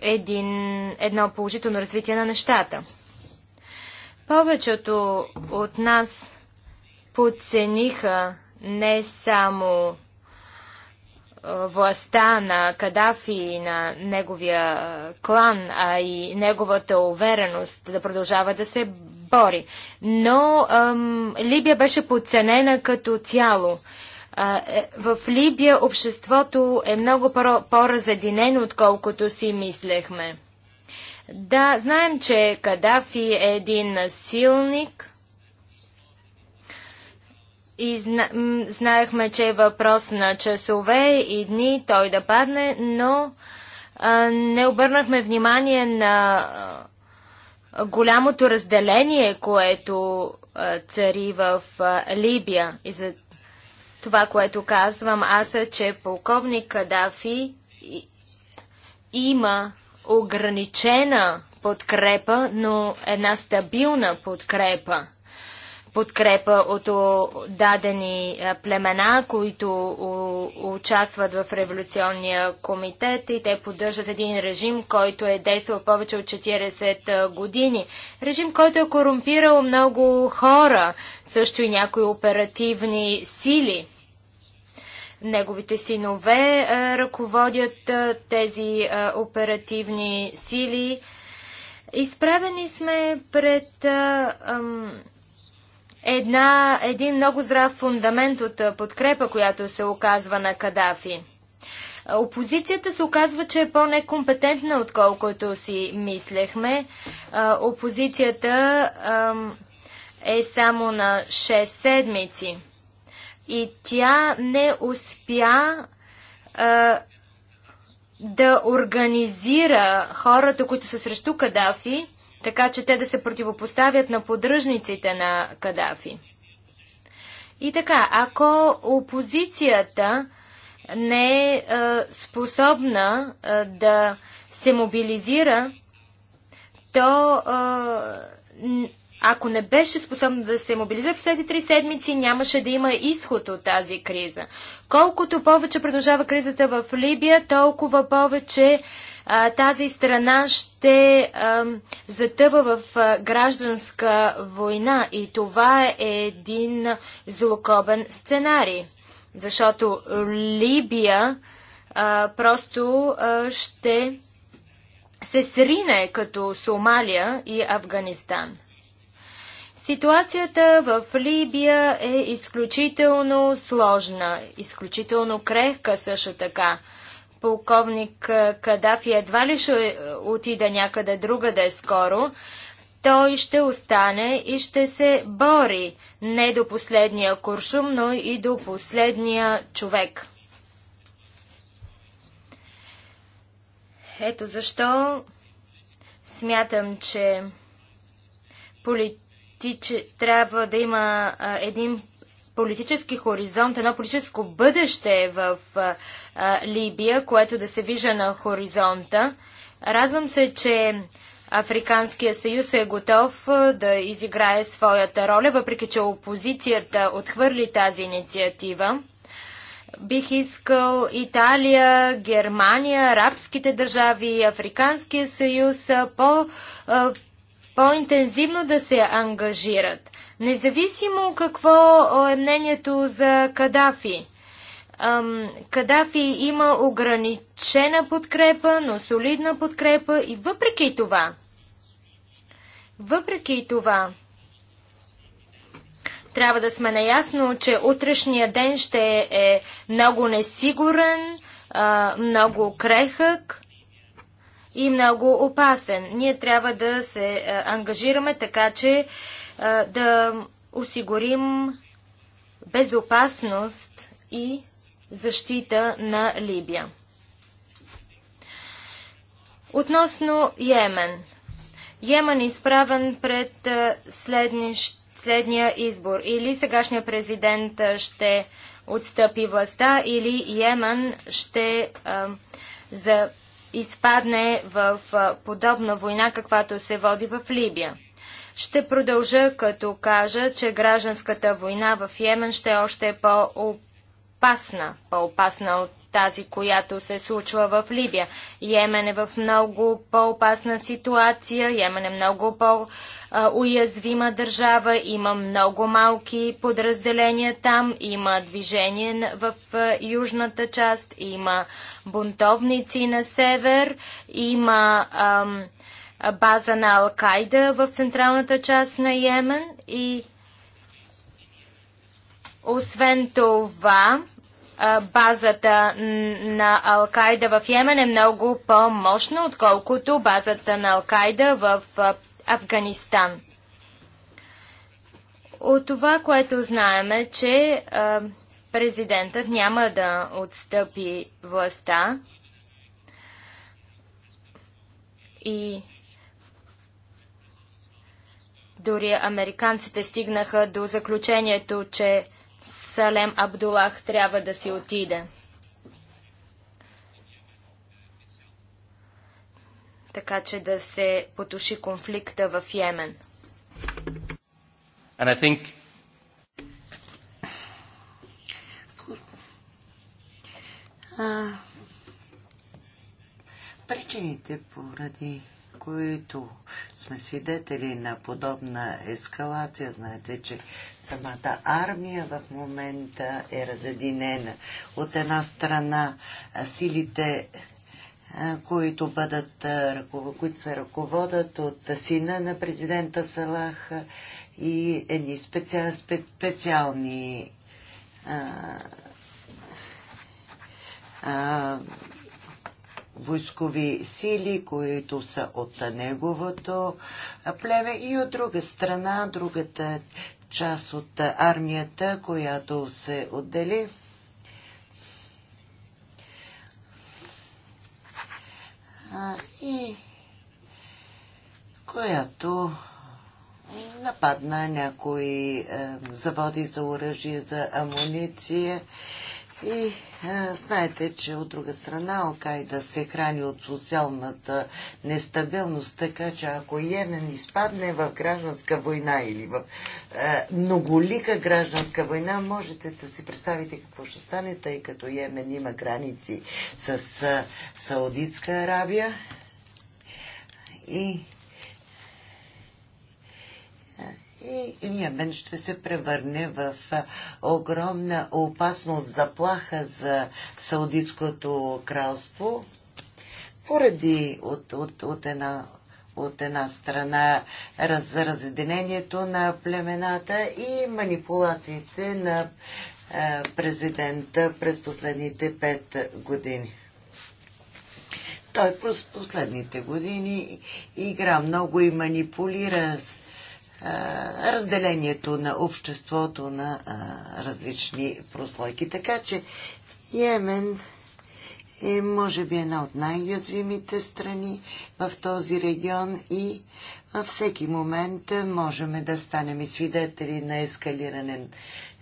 един, едно положително развитие на нещата. Повечето от нас подцениха не само властта на Кадафи и на неговия клан, а и неговата увереност да продължава да се бори. Но ам, Либия беше подценена като цяло. А, е, в Либия обществото е много по-разединено, отколкото си мислехме. Да, знаем, че Кадафи е един насилник. И зна... знаехме, че е въпрос на часове и дни той да падне, но а, не обърнахме внимание на а, голямото разделение, което а, цари в а, Либия. И за това, което казвам аз е, че полковник Кадафи има ограничена подкрепа, но една стабилна подкрепа. Подкрепа от дадени е, племена, които участват в революционния комитет и те поддържат един режим, който е действал повече от 40 е, години. Режим, който е корумпирал много хора, също и някои оперативни сили. Неговите синове е, ръководят е, тези е, оперативни сили. Изправени сме пред една, един много здрав фундамент от подкрепа, която се оказва на Кадафи. Опозицията се оказва, че е по-некомпетентна, отколкото си мислехме. Опозицията е само на 6 седмици и тя не успя а, да организира хората, които са срещу Кадафи, така че те да се противопоставят на поддръжниците на Кадафи. И така, ако опозицията не е способна а, да се мобилизира, то а, ако не беше способна да се мобилизира в тези три седмици, нямаше да има изход от тази криза. Колкото повече продължава кризата в Либия, толкова повече а, тази страна ще а, затъва в а, гражданска война и това е един злокобен сценарий. Защото Либия а, просто а, ще се срине като Сомалия и Афганистан. Ситуацията в Либия е изключително сложна, изключително крехка също така. Полковник Кадафи едва ли ще е, отида някъде другаде скоро. Той ще остане и ще се бори не до последния куршум, но и до последния човек. Ето защо смятам, че полит ти, че трябва да има а, един политически хоризонт, едно политическо бъдеще в а, Либия, което да се вижда на хоризонта. Радвам се, че Африканския съюз е готов да изиграе своята роля, въпреки че опозицията отхвърли тази инициатива. Бих искал Италия, Германия, арабските държави, Африканския съюз по по-интензивно да се ангажират. Независимо какво е мнението за Кадафи. Кадафи има ограничена подкрепа, но солидна подкрепа и въпреки това, въпреки това, трябва да сме наясно, че утрешния ден ще е много несигурен, много крехък и много опасен. Ние трябва да се е, ангажираме така, че е, да осигурим безопасност и защита на Либия. Относно Йемен. Йемен е изправен пред е, следни, следния избор. Или сегашния президент ще отстъпи властта, или Йемен ще а, за, изпадне в подобна война, каквато се води в Либия. Ще продължа като кажа, че гражданската война в Йемен ще е още по-опасна, по-опасна от тази, която се случва в Либия. Йемен е в много по-опасна ситуация, Йемен е много по-опасна уязвима държава, има много малки подразделения там, има движение в южната част, има бунтовници на север, има база на Алкайда в централната част на Йемен и освен това, базата на Алкайда в Йемен е много по-мощна, отколкото базата на Алкайда в Афганистан. От това, което знаем е, че президентът няма да отстъпи властта и дори американците стигнаха до заключението, че Салем Абдулах трябва да си отиде. така че да се потуши конфликта в Йемен. And I think... причините, поради които сме свидетели на подобна ескалация, знаете, че самата армия в момента е разединена. От една страна силите които, бъдат, които се ръководят от сина на президента Салах и едни специал, специални а, а, войскови сили, които са от неговото племе и от друга страна, другата част от армията, която се отдели в. и която нападна някои заводи за оръжие, за амуниция и а, знаете, че от друга страна Алкайда се храни от социалната нестабилност, така че ако Йемен изпадне в гражданска война или в а, многолика гражданска война, можете да си представите какво ще стане, тъй като Йемен има граници с а, Саудитска Арабия и и Йемен ще се превърне в огромна опасност, заплаха за Саудитското кралство, поради от, от, от една от една страна раз, разединението на племената и манипулациите на е, президента през последните пет години. Той през последните години игра много и манипулира с разделението на обществото на различни прослойки. Така че Йемен е, може би, една от най-язвимите страни в този регион и във всеки момент можем да станем и свидетели на ескалиране,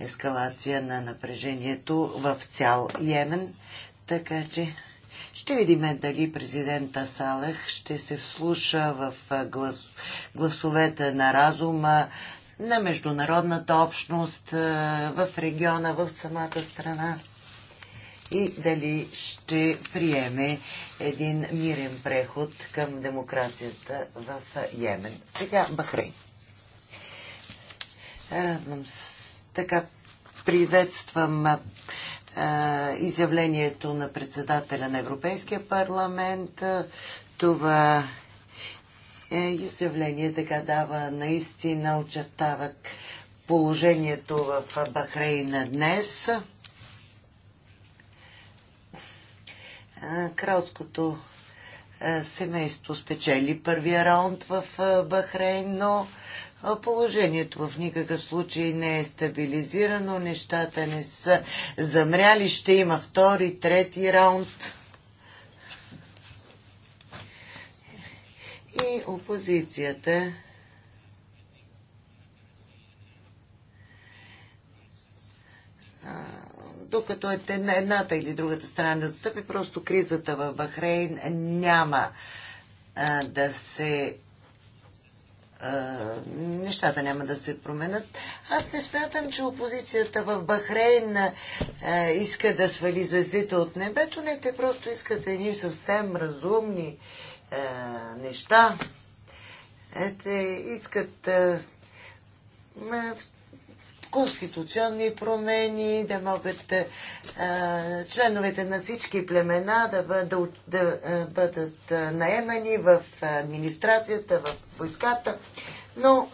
ескалация на напрежението в цял Йемен. Така че ще видим дали президента Салех ще се вслуша в глас, гласовете на разума, на международната общност, в региона, в самата страна и дали ще приеме един мирен преход към демокрацията в Йемен. Сега Бахрейн. Радвам се. Така приветствам изявлението на председателя на Европейския парламент. Това е изявление така дава наистина очертава положението в Бахрейна днес. Кралското семейство спечели първия раунд в Бахрейн, но Положението в никакъв случай не е стабилизирано, нещата не са замряли, ще има втори, трети раунд. И опозицията докато е едната или другата страна не отстъпи, просто кризата в Бахрейн няма да се а, нещата няма да се променят. Аз не смятам, че опозицията в Бахрейн а, иска да свали звездите от небето. Не, те просто искат едни съвсем разумни а, неща. Ете, искат а, конституционни промени, да могат а, членовете на всички племена да, бъдат, да бъдат наемани в администрацията, в войската. Но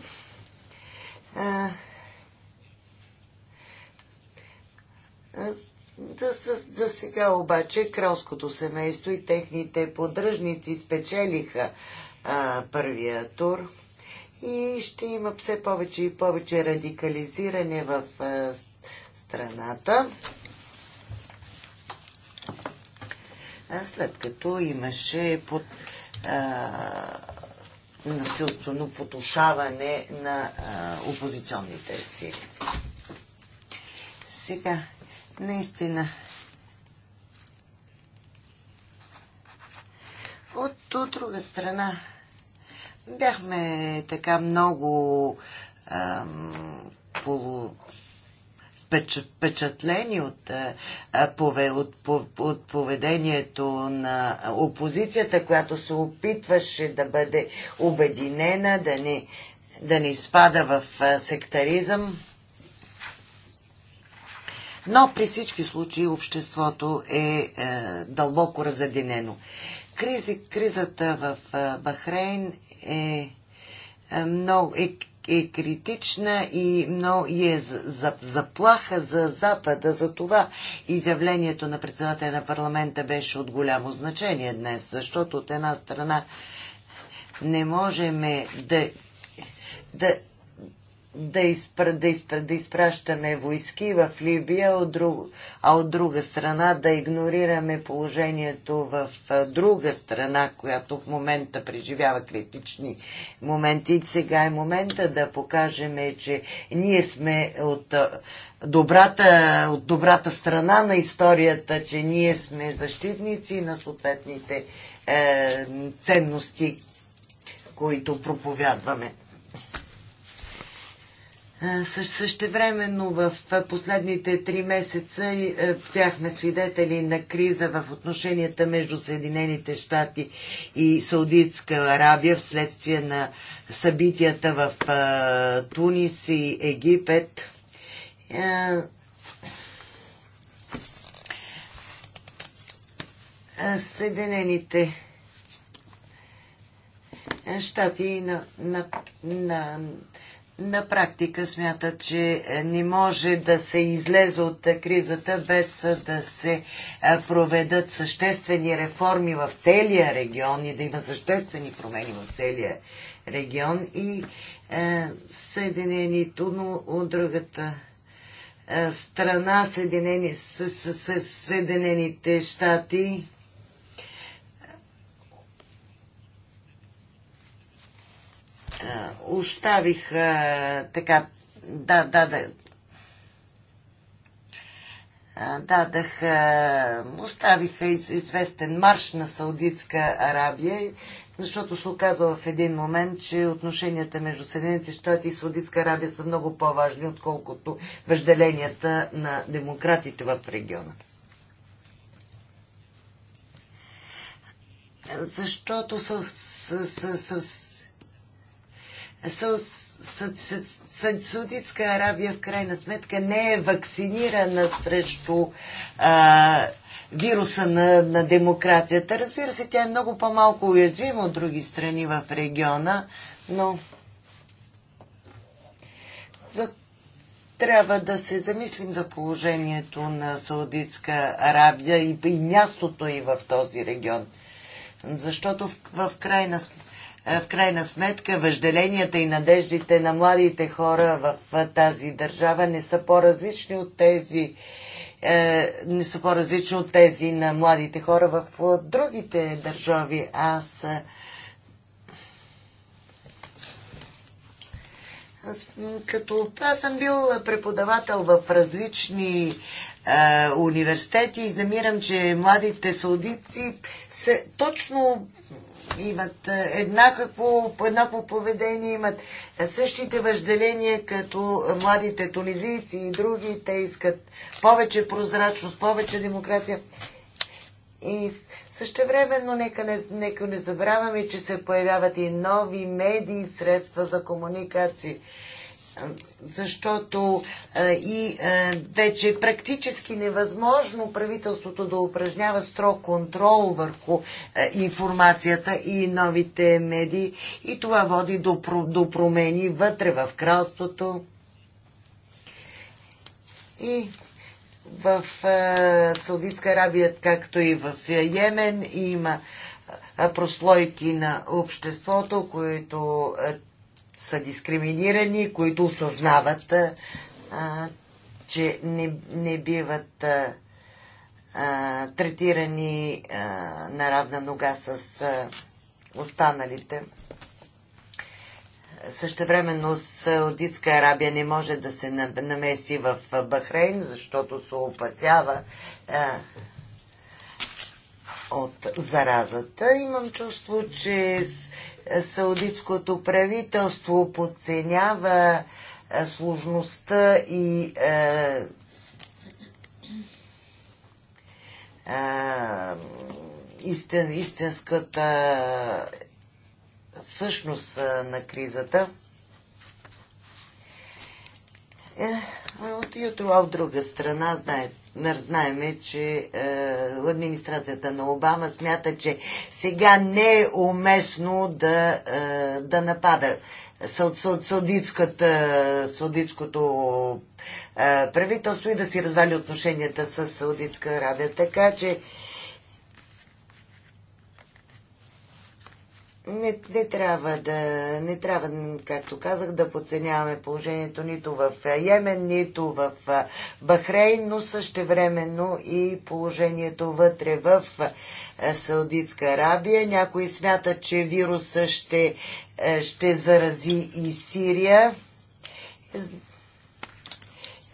а, за, за, за сега обаче кралското семейство и техните поддръжници спечелиха а, първия тур и ще има все повече и повече радикализиране в страната. След като имаше под, а, насилствено потушаване на а, опозиционните сили. Сега, наистина, от, от друга страна, бяхме така много полу впечатлени от, от, от поведението на опозицията, която се опитваше да бъде обединена, да не, да не изпада в сектаризъм. Но при всички случаи обществото е, е дълбоко разединено. Кризи, кризата в Бахрейн е, много, е, е критична и, много, и е заплаха за Запада. За това изявлението на председателя на парламента беше от голямо значение днес, защото от една страна не можем да, да да, изпра, да, изпра, да изпращаме войски в Либия, от друг, а от друга страна да игнорираме положението в друга страна, която в момента преживява критични моменти. И сега е момента да покажем, че ние сме от добрата, от добрата страна на историята, че ние сме защитници на съответните е, ценности, които проповядваме. Същевременно в последните три месеца бяхме свидетели на криза в отношенията между Съединените щати и Саудитска Арабия вследствие на събитията в Тунис и Египет. Съединените щати на, на, на на практика смята, че е, не може да се излезе от кризата без е, да се е, проведат съществени реформи в целия регион и да има съществени промени в целия регион и е, Съединението, но от другата страна Съединени, с, Съединените щати оставих така, да, да, да, дадах, оставиха известен марш на Саудитска Арабия, защото се оказва в един момент, че отношенията между Съединените щати и Саудитска Арабия са много по-важни, отколкото въжделенията на демократите в региона. Защото с, с, с, с, Саудитска Арабия в крайна сметка не е вакцинирана срещу а, вируса на, на демокрацията. Разбира се, тя е много по-малко уязвима от други страни в региона, но за, трябва да се замислим за положението на Саудитска Арабия и, и мястото и в този регион. Защото в, в крайна сметка в крайна сметка въжделенията и надеждите на младите хора в тази държава не са по-различни от тези е, не са по-различни от тези на младите хора в другите държави. Аз като аз съм бил преподавател в различни университети и намирам, че младите саудитци са точно имат е, еднакво, еднакво поведение, имат същите въжделения като младите тунизийци и други. Те искат повече прозрачност, повече демокрация. И същевременно нека не, нека не забравяме, че се появяват и нови медии, средства за комуникации защото е, и е, вече практически невъзможно правителството да упражнява строг контрол върху е, информацията и новите медии и това води до, до промени вътре в кралството и в Саудитска Арабия, както и в Йемен има прослойки на обществото, които са дискриминирани, които осъзнават, а, че не, не биват а, а, третирани а, на равна нога с а, останалите. Същевременно Саудитска Арабия не може да се намеси в Бахрейн, защото се опасява а, от заразата. Имам чувство, че саудитското правителство подценява е, сложността и е, е, истинската същност на кризата. Е, от, от друга страна, знаете, знаеме, че е, администрацията на Обама смята, че сега не е уместно да, е, да напада саудитското е, правителство и да си развали отношенията с Саудитска Арабия. Така че не, не трябва да, не трябва, както казах, да подценяваме положението нито в Йемен, нито в Бахрейн, но същевременно и положението вътре в Саудитска Арабия. Някои смятат, че вируса ще, ще зарази и Сирия.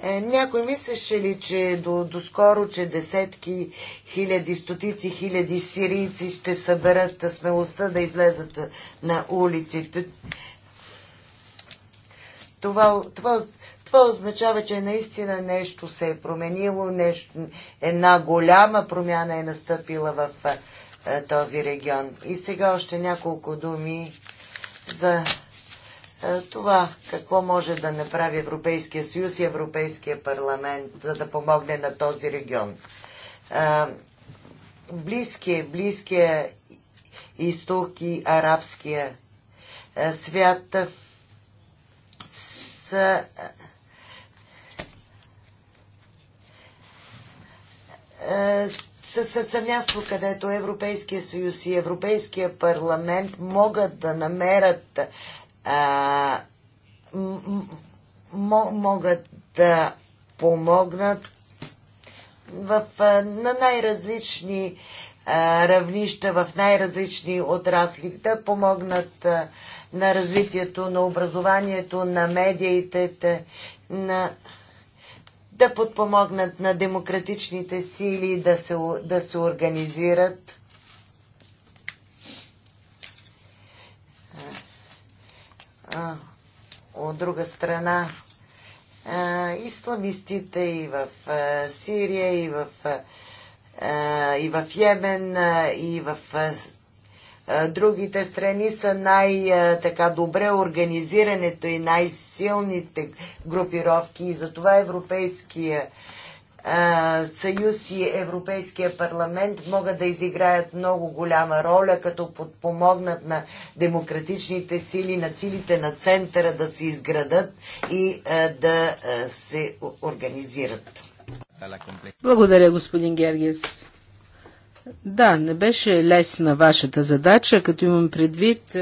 Е, някой мислеше ли, че до, доскоро, че десетки хиляди, стотици хиляди сирийци ще съберат смелостта да излезат на улиците? Това, това, това означава, че наистина нещо се е променило, нещо, една голяма промяна е настъпила в е, този регион. И сега още няколко думи за е, това какво може да направи Европейския съюз и Европейския парламент, за да помогне на този регион. Е, близкия, близкия изток и арабския е, свят са са, място, където Европейския съюз и Европейския парламент могат да намерят а, могат да помогнат в, на най-различни равнища, в най-различни отрасли, да помогнат на развитието, на образованието, на медиите, на, да подпомогнат на демократичните сили да се, да се организират от друга страна исламистите и в Сирия, и в, и в Йемен, и в другите страни са най-добре организирането и най-силните групировки и затова Европейския Съюз и Европейския парламент могат да изиграят много голяма роля, като подпомогнат на демократичните сили, на силите на центъра да се изградат и да се организират. Благодаря, господин Гергес. Да, не беше лесна вашата задача, като имам предвид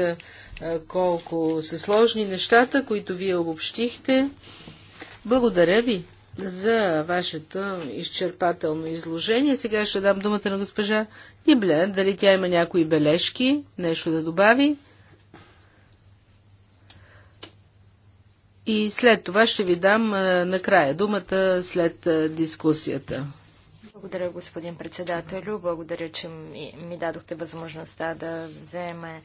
колко са сложни нещата, които вие обобщихте. Благодаря ви за вашето изчерпателно изложение. Сега ще дам думата на госпожа Нибля. Дали тя има някои бележки, нещо да добави? И след това ще ви дам накрая думата след дискусията. Благодаря, господин председателю. Благодаря, че ми, ми дадохте възможността да вземе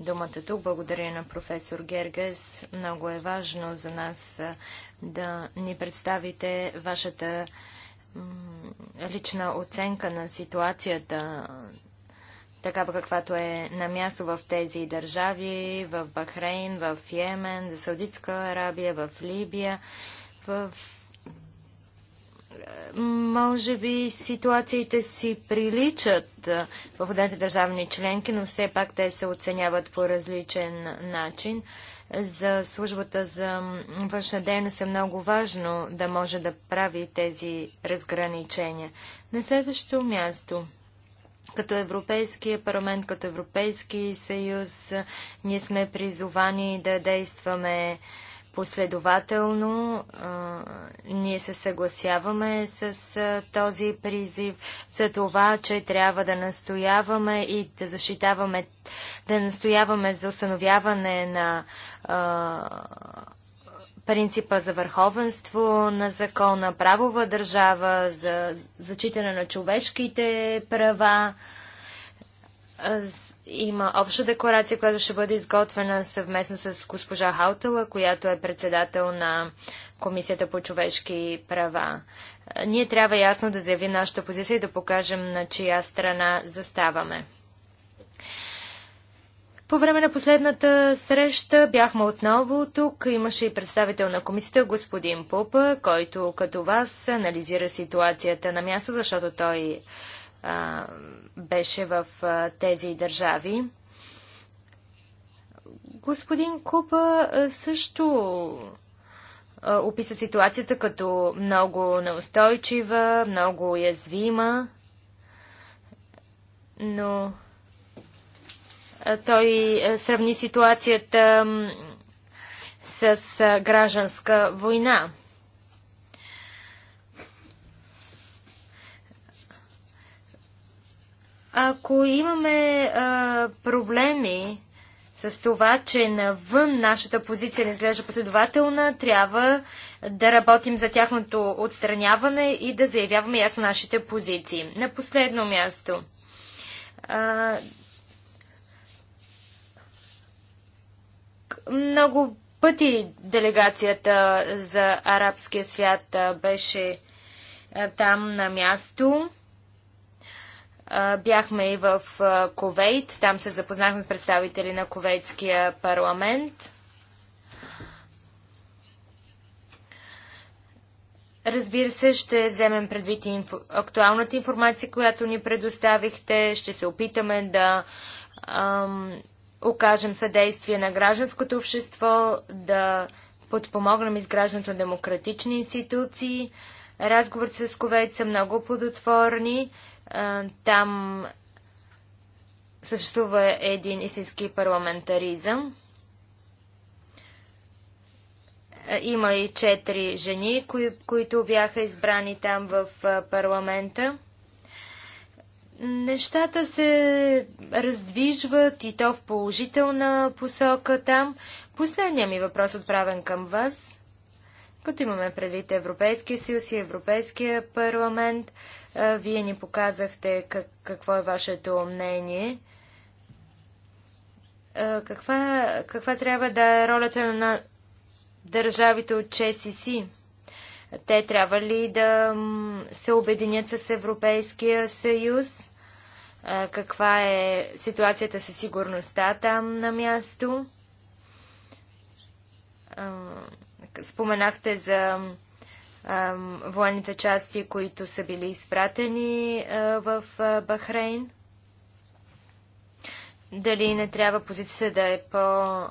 думата тук. Благодаря на професор Гергес. Много е важно за нас да ни представите вашата лична оценка на ситуацията, такава каквато е на място в тези държави, в Бахрейн, в Йемен, за Саудитска Арабия, в Либия, в може би ситуациите си приличат в отделните държавни членки, но все пак те се оценяват по различен начин. За службата за външна дейност е много важно да може да прави тези разграничения. На следващото място като Европейския парламент, като Европейски съюз, ние сме призовани да действаме Последователно а, ние се съгласяваме с а, този призив за това, че трябва да настояваме и да защитаваме, да настояваме за установяване на а, принципа за върховенство на закона, правова държава, за зачитане на човешките права, а, има обща декларация, която ще бъде изготвена съвместно с госпожа Хаутела, която е председател на Комисията по човешки права. Ние трябва ясно да заявим нашата позиция и да покажем на чия страна заставаме. По време на последната среща бяхме отново тук. Имаше и представител на комисията, господин Пупа, който като вас анализира ситуацията на място, защото той беше в тези държави. Господин Купа също описа ситуацията като много неустойчива, много уязвима, но той сравни ситуацията с гражданска война. Ако имаме а, проблеми с това, че навън нашата позиция не изглежда последователна, трябва да работим за тяхното отстраняване и да заявяваме ясно нашите позиции. На последно място. А, много пъти делегацията за арабския свят беше там на място. Бяхме и в Ковейт. Там се запознахме с представители на Ковейтския парламент. Разбира се, ще вземем предвид инф... актуалната информация, която ни предоставихте. Ще се опитаме да ам, окажем съдействие на гражданското общество, да подпомогнем изграждането на демократични институции. Разговорите с Ковейт са много плодотворни. Там съществува един истински парламентаризъм. Има и четири жени, кои, които бяха избрани там в парламента. Нещата се раздвижват и то в положителна посока там. Последният ми въпрос отправен към вас. Като имаме предвид Европейския съюз и Европейския парламент, вие ни показахте как, какво е вашето мнение. Каква, каква трябва да е ролята на държавите от ЧСС? Те трябва ли да се обединят с Европейския съюз? Каква е ситуацията със сигурността там на място? Споменахте за а, военните части, които са били изпратени а, в а, Бахрейн. Дали не трябва позицията да е по,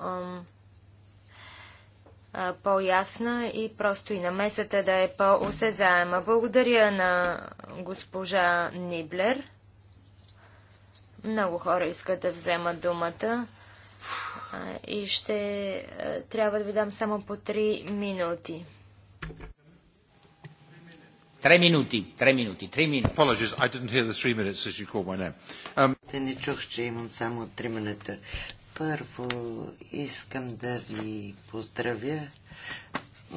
по-ясна и просто и намесата да е по-осезаема. Благодаря на госпожа Ниблер. Много хора искат да вземат думата и ще трябва да ви дам само по 3 минути. Три минути, Три минути, Три минути. Apologies, I didn't hear the 3 minutes as you called my name. Um... Те не чух, че имам само три минути. Първо искам да ви поздравя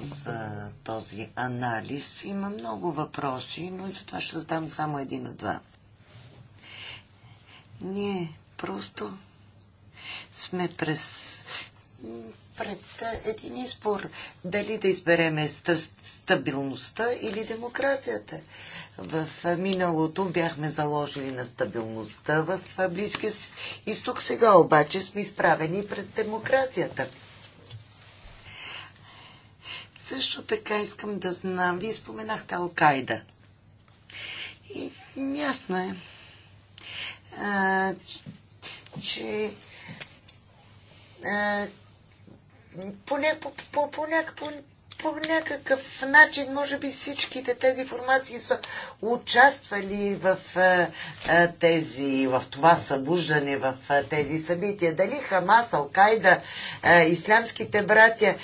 за този анализ. Има много въпроси, но за това ще задам само един от два. Ние просто сме през пред един избор. Дали да избереме стабилността или демокрацията. В миналото бяхме заложили на стабилността в Близкия изток. Сега обаче сме изправени пред демокрацията. Също така искам да знам, вие споменахте Алкайда. И ясно е, а, че по, по, по, по, по, по някакъв начин, може би всичките тези формации са участвали в тези, в това събуждане, в тези събития. Дали Хамас, Алкайда, ислямските братя,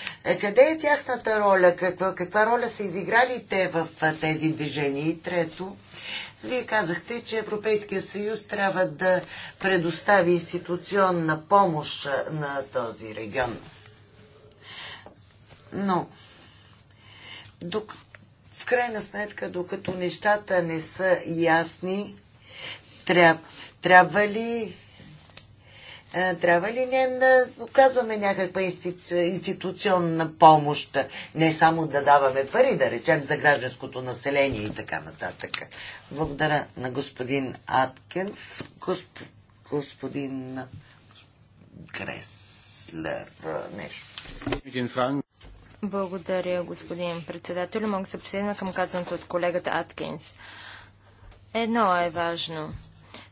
къде е тяхната роля? Каква, каква роля са изиграли те в тези движения? И трето, вие казахте, че Европейския съюз трябва да предостави институционна помощ на този регион. Но, док, в крайна сметка, докато нещата не са ясни, трябва ли трябва ли не да оказваме някаква институционна помощ, не само да даваме пари, да речем, за гражданското население и така нататък. Благодаря на господин Аткинс, госп... господин Креслер, нещо. Благодаря, господин председател. Мога се присъединя към казаното от колегата Аткинс. Едно е важно –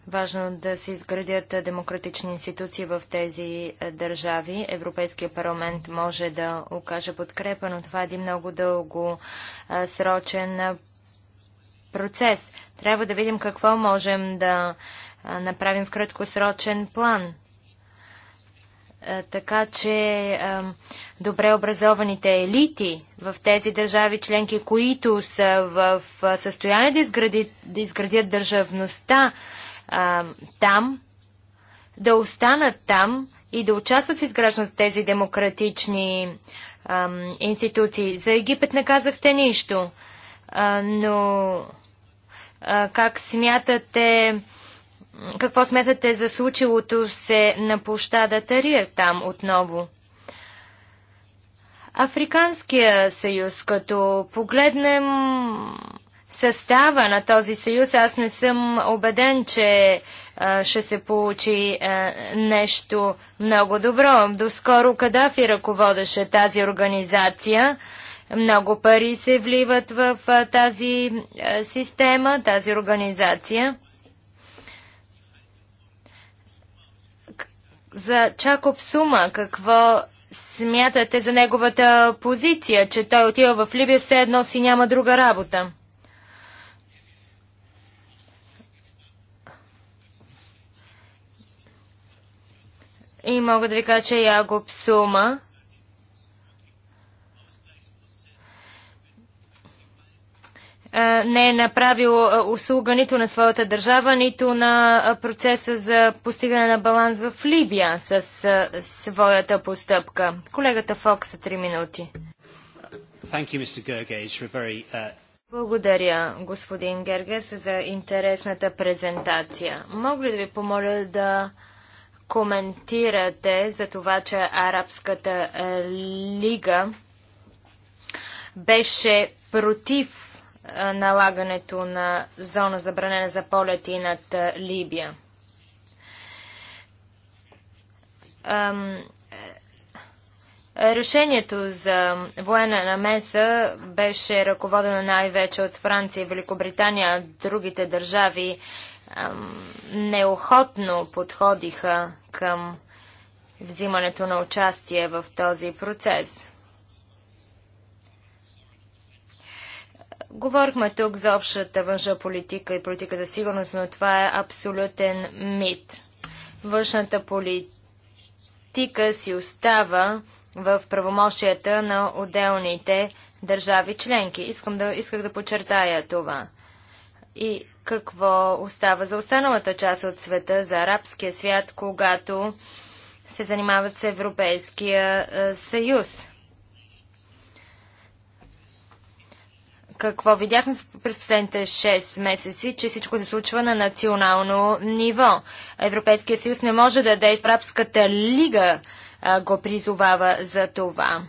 Важно да се изградят демократични институции в тези е, държави. Европейския парламент може да окаже подкрепа, но това е един много дълго е, срочен е, процес. Трябва да видим какво можем да направим в краткосрочен план. Така че добре образованите елити в тези държави членки, които са в състояние да, изградят, да изградят държавността, а, там, да останат там и да участват в изграждането тези демократични ам, институции. За Египет не казахте нищо, а, но а, как смятате, какво смятате за случилото се на площада Тария там отново? Африканския съюз, като погледнем състава на този съюз, аз не съм убеден, че ще се получи нещо много добро. Доскоро Кадафи ръководеше тази организация. Много пари се вливат в тази система, тази организация. За Чакоб Сума, какво смятате за неговата позиция, че той отива в Либия все едно си няма друга работа? и мога да ви кажа, че го Псума е, не е направил е, услуга нито на своята държава, нито на е, процеса за постигане на баланс в Либия с своята постъпка. Колегата Фокс, 3 минути. Uh, Благодаря, господин Гергес, за интересната презентация. Мога ли да ви помоля да коментирате за това, че Арабската е, лига беше против е, налагането на зона забранена за полети над е, Либия. Решението за военна намеса беше ръководено най-вече от Франция и Великобритания, другите държави неохотно подходиха към взимането на участие в този процес. Говорихме тук за общата външна политика и политика за сигурност, но това е абсолютен мит. Външната политика си остава в правомощията на отделните държави членки. Искам да, исках да подчертая това и какво остава за останалата част от света, за арабския свят, когато се занимават с Европейския е, съюз. Какво видяхме през последните 6 месеци, че всичко се случва на национално ниво. Европейския съюз не може да действа. Арабската лига е, го призовава за това.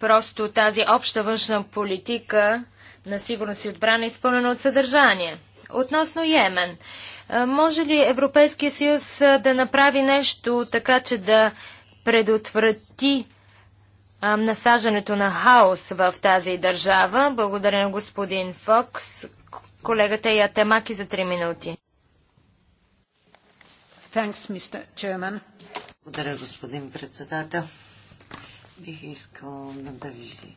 просто тази обща външна политика на сигурност и отбрана е изпълнена от съдържание. Относно Йемен, може ли Европейския съюз да направи нещо така, че да предотврати насаждането насажането на хаос в тази държава? Благодаря на господин Фокс, колегата Ятемаки за 3 минути. Thanks, Благодаря, господин председател. Бих искал да ви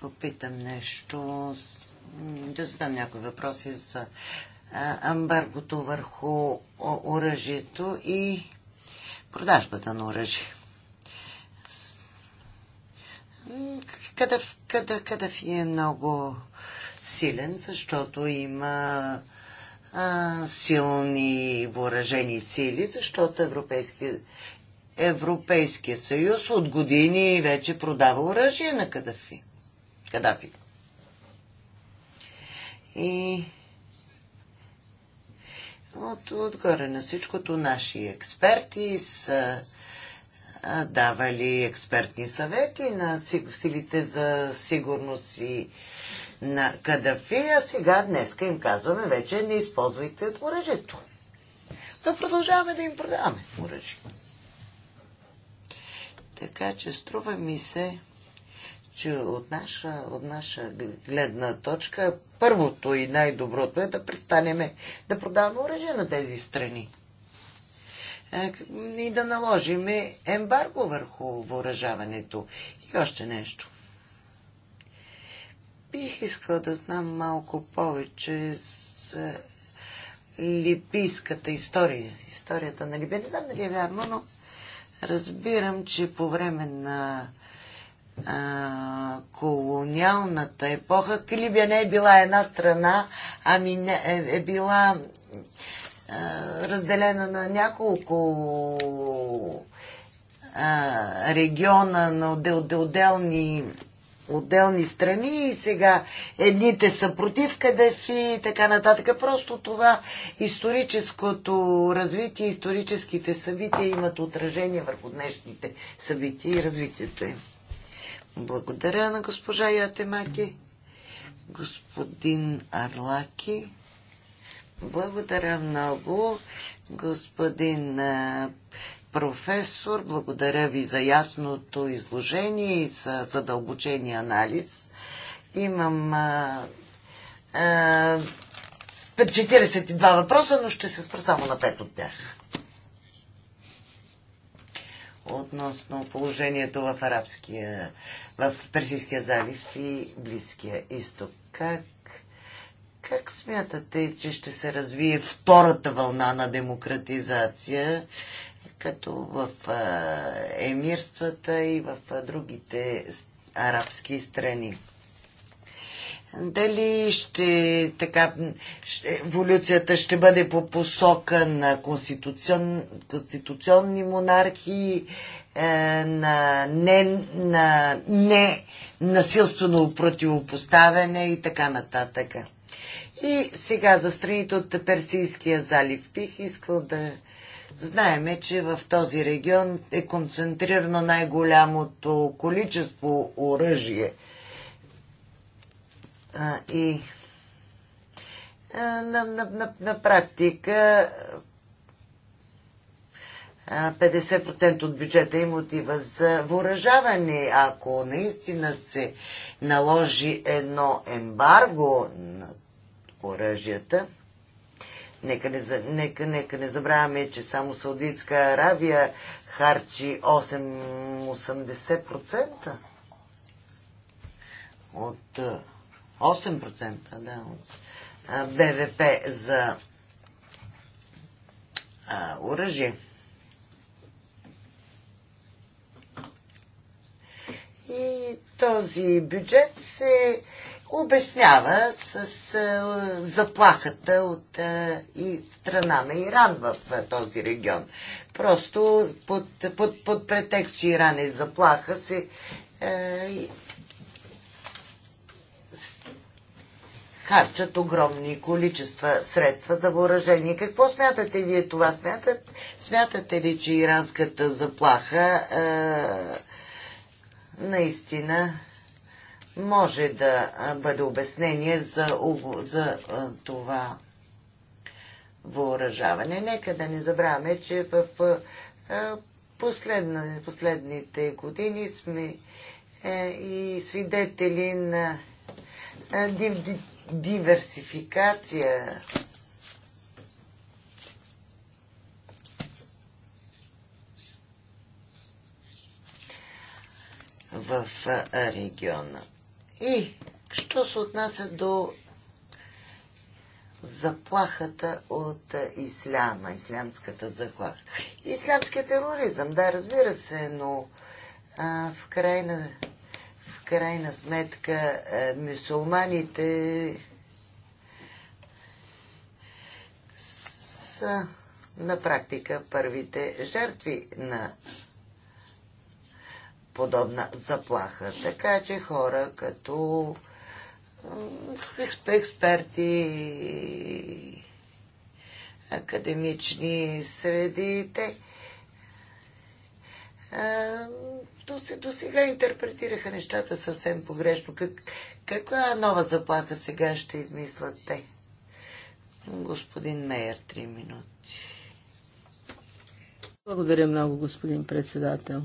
попитам нещо, да задам някои въпроси за амбаргото върху оръжието и продажбата на оръжие. Кадъв е много силен, защото има а, силни въоръжени сили, защото Европейския Европейския съюз от години вече продава оръжие на Кадафи. Кадафи. И от, отгоре на всичкото наши експерти са давали експертни съвети на силите за сигурност и на Кадафи, а сега днеска им казваме вече не използвайте оръжието. Да продължаваме да им продаваме оръжието. Така че струва ми се, че от наша, от наша гледна точка първото и най-доброто е да престанеме да продаваме оръжие на тези страни е, и да наложиме ембарго върху въоръжаването. И още нещо. Бих искал да знам малко повече за липийската история. Историята на Либия. Не знам дали е вярно, но Разбирам, че по време на а, колониалната епоха Калибия не е била една страна, ами не, е, е била а, разделена на няколко а, региона, на отделни отделни страни и сега едните са против Кадафи и така нататък. Просто това историческото развитие, историческите събития имат отражение върху днешните събития и развитието им. Благодаря на госпожа Ятемаки, господин Арлаки. Благодаря много, господин професор. Благодаря ви за ясното изложение и за задълбочения анализ. Имам а, а, 42 въпроса, но ще се спра само на 5 от тях. Относно положението в арабския, в Персийския залив и Близкия изток. Как как смятате, че ще се развие втората вълна на демократизация? като в емирствата и в другите арабски страни. Дали ще, така, ще, еволюцията ще бъде по посока на конституцион, конституционни монархии, е, на, не, на не насилствено противопоставяне и така нататък. И сега за страните от Персийския залив бих искал да Знаеме, че в този регион е концентрирано най-голямото количество оръжие. И на, на, на, на практика 50% от бюджета им отива за въоръжаване. Ако наистина се наложи едно ембарго на оръжията, Нека не, нека, нека не забравяме, че само Саудитска Аравия харчи 8-80% от 8% да, от БВП за оръжие. И този бюджет се обяснява с е, заплахата от е, и страна на Иран в е, този регион. Просто под, под, под претекст, че Иран е заплаха, се харчат огромни количества средства за въоръжение. Какво смятате вие това? Смятат, смятате ли, че иранската заплаха а, наистина може да бъде обяснение за, за това въоръжаване. Нека да не забравяме, че в последните години сме е, и свидетели на диверсификация. в региона. И, що се отнася до заплахата от исляма, ислямската заплаха. Ислямският тероризъм, да, разбира се, но а, в, крайна, в крайна сметка а, е, мюсулманите са на практика първите жертви на подобна заплаха. Така че хора като експерти, академични среди, се до сега интерпретираха нещата съвсем погрешно. Как, каква нова заплаха сега ще измислят те? Господин Мейер, три минути. Благодаря много, господин председател.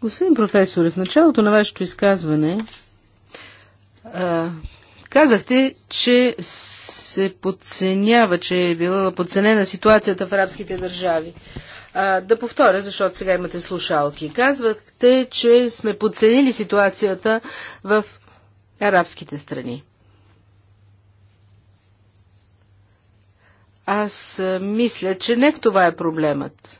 Господин професор, в началото на вашето изказване а, казахте, че се подценява, че е била подценена ситуацията в арабските държави. А, да повторя, защото сега имате слушалки. Казвахте, че сме подценили ситуацията в арабските страни. Аз мисля, че не в това е проблемът.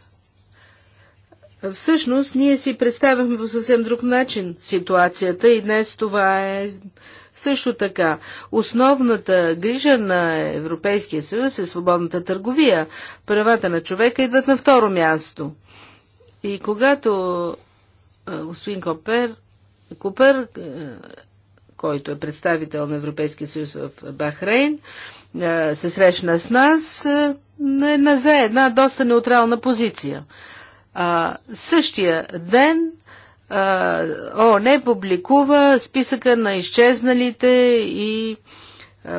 Всъщност, ние си представяхме по съвсем друг начин ситуацията и днес това е също така. Основната грижа на Европейския съюз е свободната търговия. Правата на човека идват на второ място. И когато господин Копер, Купер, който е представител на Европейския съюз в Бахрейн, се срещна с нас на една за една доста неутрална позиция. А, същия ден ООН публикува списъка на изчезналите и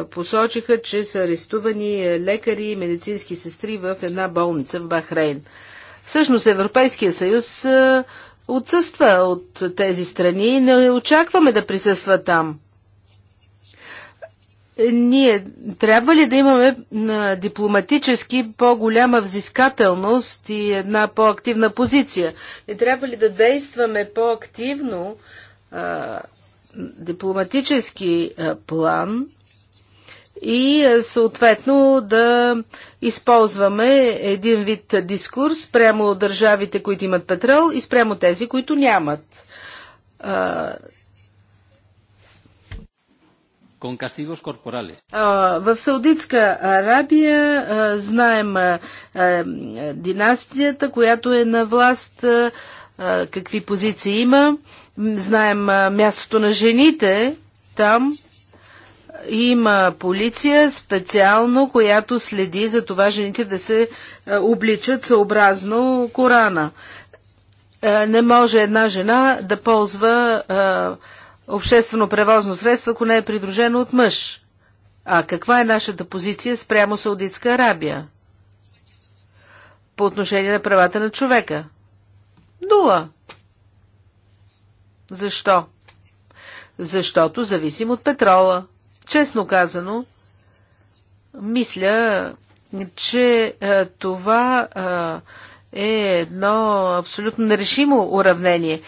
посочиха, че са арестувани лекари и медицински сестри в една болница в Бахрейн. Всъщност Европейския съюз отсъства от тези страни и не очакваме да присъства там ние трябва ли да имаме дипломатически по-голяма взискателност и една по-активна позиция? Не трябва ли да действаме по-активно дипломатически а, план и а, съответно да използваме един вид дискурс спрямо държавите, които имат петрол и спрямо тези, които нямат в Саудитска Арабия знаем династията, която е на власт, какви позиции има. Знаем мястото на жените там. Има полиция специално, която следи за това жените да се обличат съобразно Корана. Не може една жена да ползва обществено превозно средство, ако не е придружено от мъж. А каква е нашата позиция спрямо Саудитска Арабия? По отношение на правата на човека. Дула. Защо? Защото зависим от петрола. Честно казано, мисля, че е, това е, е едно абсолютно нерешимо уравнение.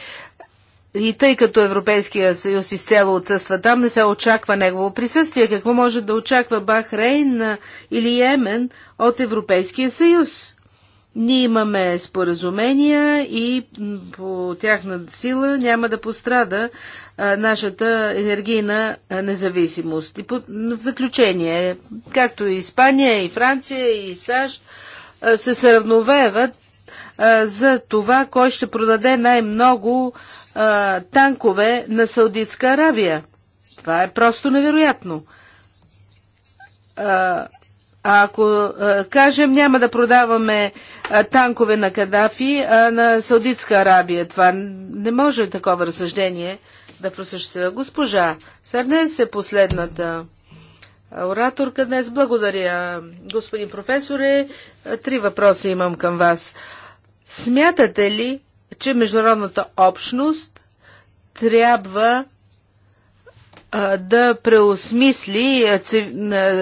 И тъй като Европейския съюз изцяло отсъства там, не се очаква негово присъствие. Какво може да очаква Бахрейн или Йемен от Европейския съюз? Ние имаме споразумения и по тяхна сила няма да пострада нашата енергийна независимост. И по, в заключение, както и Испания, и Франция, и САЩ се сравновеват за това кой ще продаде най-много танкове на Саудитска Арабия. Това е просто невероятно. А, ако кажем няма да продаваме танкове на Кадафи, а на Саудитска Арабия, това не може такова разсъждение да просъществува. Госпожа Сърнес е последната ораторка днес. Благодаря, господин професоре. Три въпроса имам към вас. Смятате ли, че международната общност трябва да преосмисли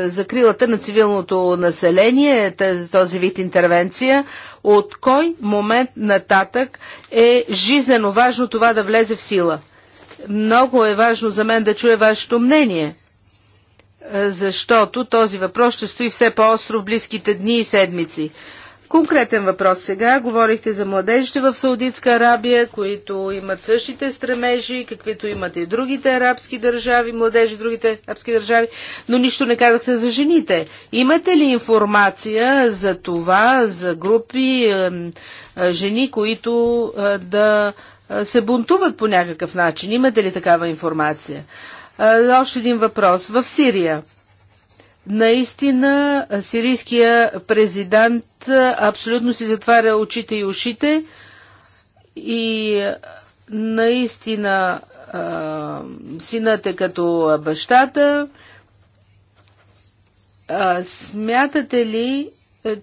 закрилата на цивилното население, този вид интервенция, от кой момент нататък е жизнено важно това да влезе в сила. Много е важно за мен да чуя вашето мнение. Е, защото този въпрос ще стои все по-остро в близките дни и седмици. Конкретен въпрос сега. Говорихте за младежите в Саудитска Арабия, които имат същите стремежи, каквито имат и другите арабски държави, младежи другите арабски държави, но нищо не казахте за жените. Имате ли информация за това, за групи е, жени, които е, да се бунтуват по някакъв начин? Имате ли такава информация? Още един въпрос. В Сирия. Наистина, сирийския президент абсолютно си затваря очите и ушите и наистина синът е като бащата. Смятате ли,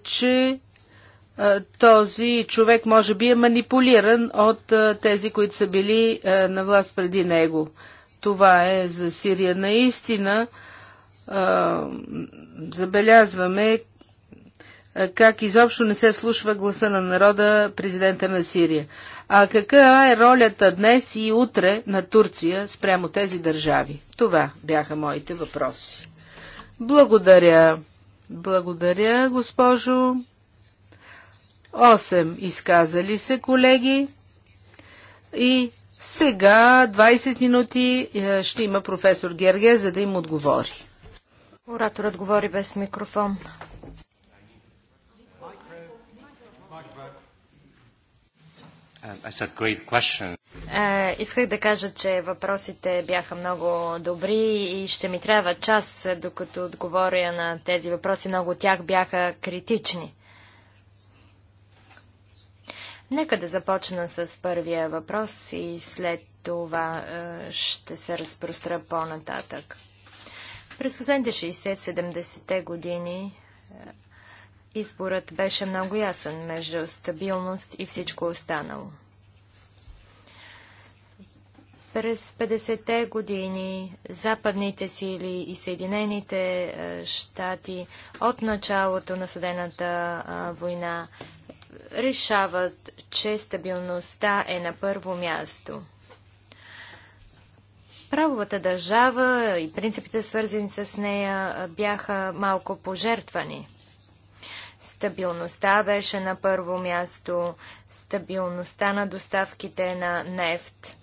че този човек може би е манипулиран от тези, които са били на власт преди него? Това е за Сирия. Наистина а, забелязваме как изобщо не се вслушва гласа на народа президента на Сирия. А каква е ролята днес и утре на Турция спрямо тези държави? Това бяха моите въпроси. Благодаря. Благодаря, госпожо. Осем изказали се колеги и сега 20 минути е, ще има професор Герге, за да им отговори. Ораторът говори без микрофон. Um, е, исках да кажа, че въпросите бяха много добри и ще ми трябва час, докато отговоря на тези въпроси. Много от тях бяха критични. Нека да започна с първия въпрос и след това е, ще се разпростра по-нататък. През последните 60-70 те години е, изборът беше много ясен между стабилност и всичко останало. През 50-те години западните сили и Съединените е, щати от началото на Судената война решават, че стабилността е на първо място. Правовата държава и принципите свързани с нея бяха малко пожертвани. Стабилността беше на първо място, стабилността на доставките на нефт.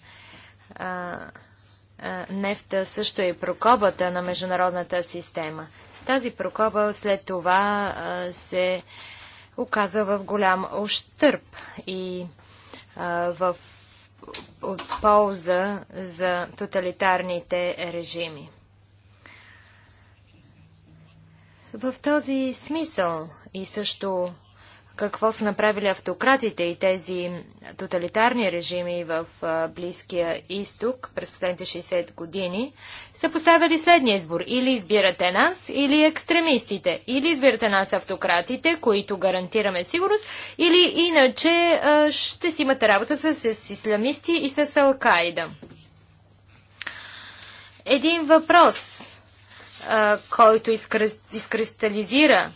нефта също е прокобата на международната система. Тази прокоба след това се оказа в голям ощърп и в полза за тоталитарните режими. В този смисъл и също какво са направили автократите и тези тоталитарни режими в Близкия изток през последните 60 години, са поставили следния избор. Или избирате нас, или екстремистите. Или избирате нас автократите, които гарантираме сигурност, или иначе ще си имате работата с исламисти и с алкаида. Един въпрос, който изкристализира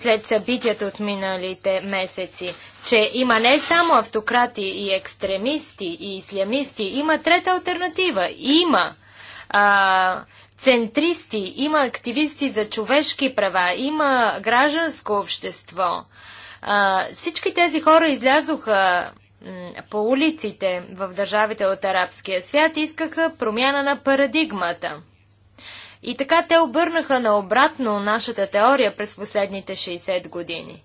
след събитията от миналите месеци, че има не само автократи и екстремисти и ислямисти, има трета альтернатива. Има а, центристи, има активисти за човешки права, има гражданско общество. А, всички тези хора излязоха по улиците в държавите от арабския свят искаха промяна на парадигмата. И така те обърнаха наобратно нашата теория през последните 60 години.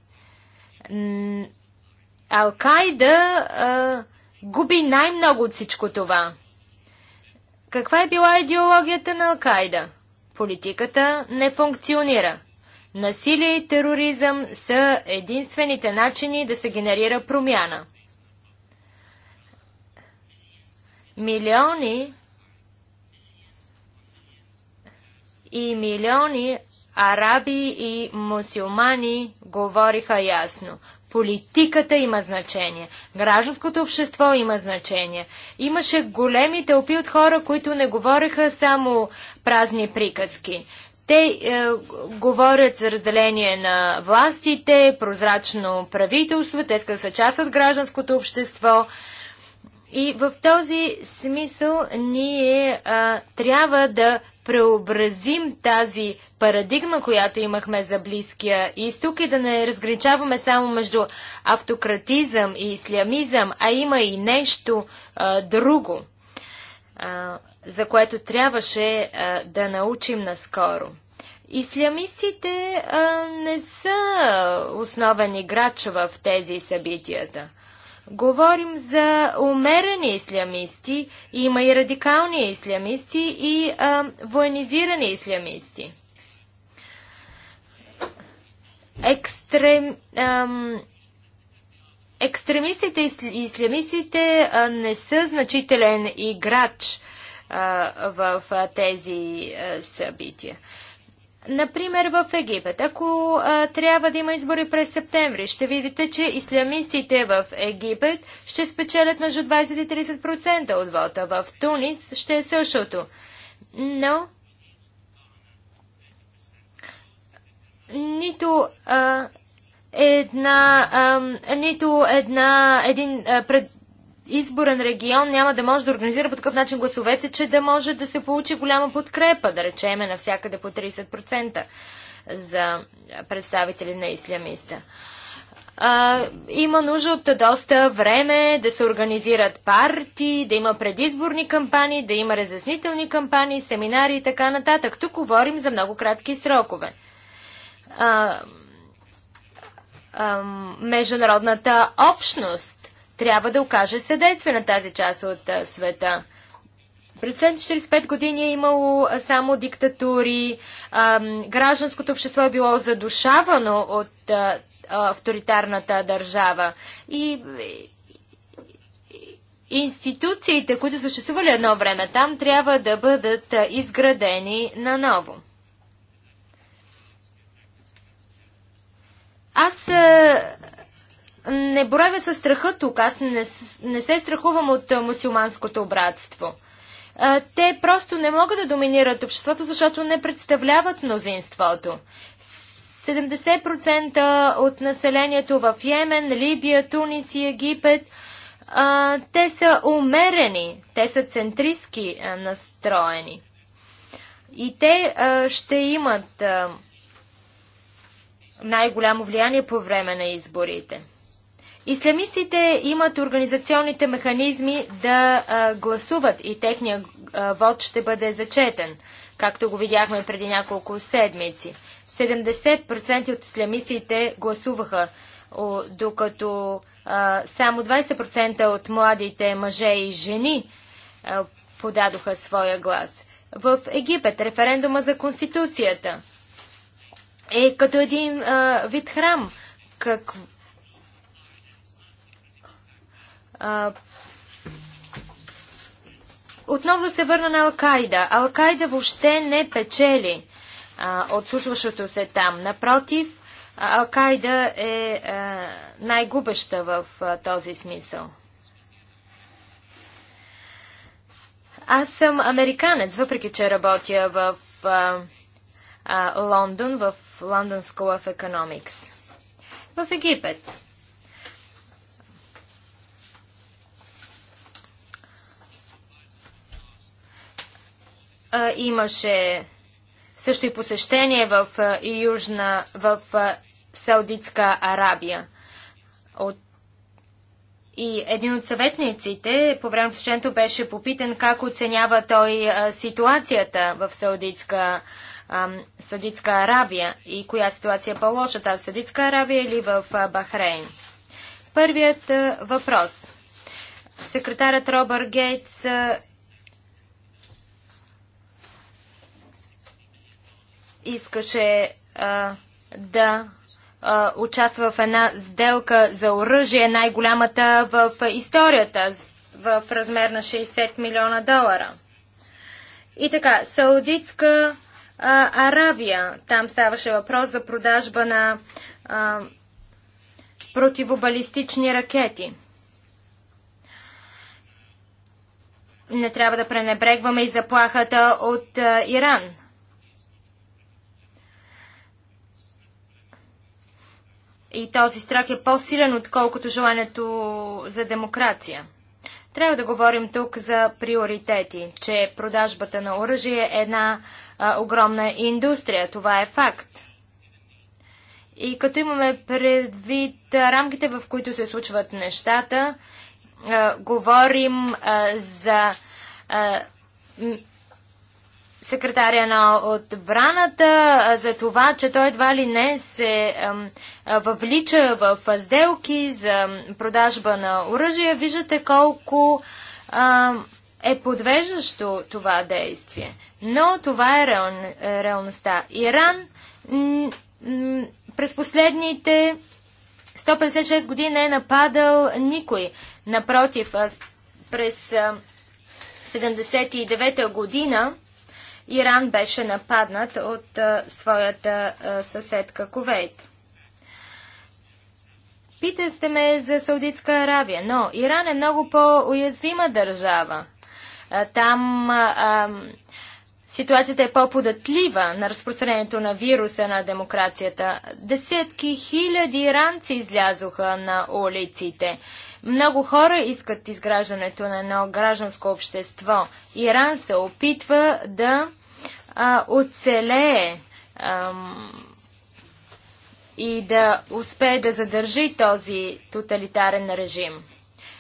Алкайда губи най-много от всичко това. Каква е била идеологията на Алкайда? Политиката не функционира. Насилие и тероризъм са единствените начини да се генерира промяна. Милиони и милиони араби и мусулмани говориха ясно. Политиката има значение. Гражданското общество има значение. Имаше големи тълпи от хора, които не говореха само празни приказки. Те е, говорят за разделение на властите, прозрачно правителство, те са част от гражданското общество. И в този смисъл ние а, трябва да преобразим тази парадигма, която имахме за Близкия изток и да не разграничаваме само между автократизъм и ислямизъм, а има и нещо а, друго, а, за което трябваше а, да научим наскоро. Ислямистите а, не са основен играч в тези събитията. Говорим за умерени ислямисти, има и радикални ислямисти и а, военизирани ислямисти. Екстрем, ам, екстремистите и ислямистите а, не са значителен играч а, в а, тези а, събития. Например, в Египет, ако а, трябва да има избори през септември, ще видите, че ислямистите в Египет ще спечелят между 20 и 30% от вота. В Тунис ще е същото. Но нито а, една, а, нито една, един а, пред, изборен регион няма да може да организира по такъв начин гласовете, че да може да се получи голяма подкрепа, да речеме навсякъде по 30% за представители на ислямиста. А, има нужда от доста време да се организират партии, да има предизборни кампании, да има разяснителни кампании, семинари и така нататък. Тук говорим за много кратки срокове. А, а, международната общност трябва да окаже съдействие на тази част от света. През 45 години е имало само диктатури, гражданското общество е било задушавано от авторитарната държава. И, институциите, които съществували едно време там, трябва да бъдат изградени наново. Аз не боравя със страха тук. Аз не, не се страхувам от мусулманското братство. те просто не могат да доминират обществото, защото не представляват мнозинството. 70% от населението в Йемен, Либия, Тунис и Египет, те са умерени, те са центристски настроени. И те а, ще имат най-голямо влияние по време на изборите. Исламистите имат организационните механизми да а, гласуват и техният а, вод ще бъде зачетен, както го видяхме преди няколко седмици. 70% от исламистите гласуваха, о, докато а, само 20% от младите мъже и жени а, подадоха своя глас. В Египет референдума за Конституцията е като един а, вид храм. Какво отново да се върна на Алкайда. Алкайда въобще не печели а, от случващото се там. Напротив, Алкайда е най-губеща в а, този смисъл. Аз съм американец, въпреки че работя в а, а, Лондон, в London School of Economics. В Египет. имаше също и посещение в Южна, в Саудитска Арабия. От... И един от съветниците по време на посещението беше попитан как оценява той ситуацията в Саудитска, Саудитска Арабия и коя ситуация е по-лоша, тази Саудитска Арабия или в Бахрейн. Първият въпрос. Секретарят Робър Гейтс искаше а, да а, участва в една сделка за оръжие, най-голямата в историята, в размер на 60 милиона долара. И така, Саудитска а, Арабия, там ставаше въпрос за продажба на а, противобалистични ракети. Не трябва да пренебрегваме и заплахата от а, Иран – И този страх е по-силен, отколкото желанието за демокрация. Трябва да говорим тук за приоритети, че продажбата на оръжие е една а, огромна индустрия. Това е факт. И като имаме предвид рамките, в които се случват нещата, а, говорим а, за а, секретаря на отбраната за това, че той едва ли не се въвлича в сделки за продажба на оръжия. Виждате колко е подвеждащо това действие. Но това е, е реалността. Иран през последните 156 години не е нападал никой. Напротив, през 79-та година Иран беше нападнат от своята съседка Кувейт. Питате ме за Саудитска Арабия, но Иран е много по-уязвима държава. А, там Ситуацията е по-податлива на разпространението на вируса на демокрацията. Десетки хиляди иранци излязоха на улиците. Много хора искат изграждането на едно гражданско общество. Иран се опитва да а, оцелее ам, и да успее да задържи този тоталитарен режим.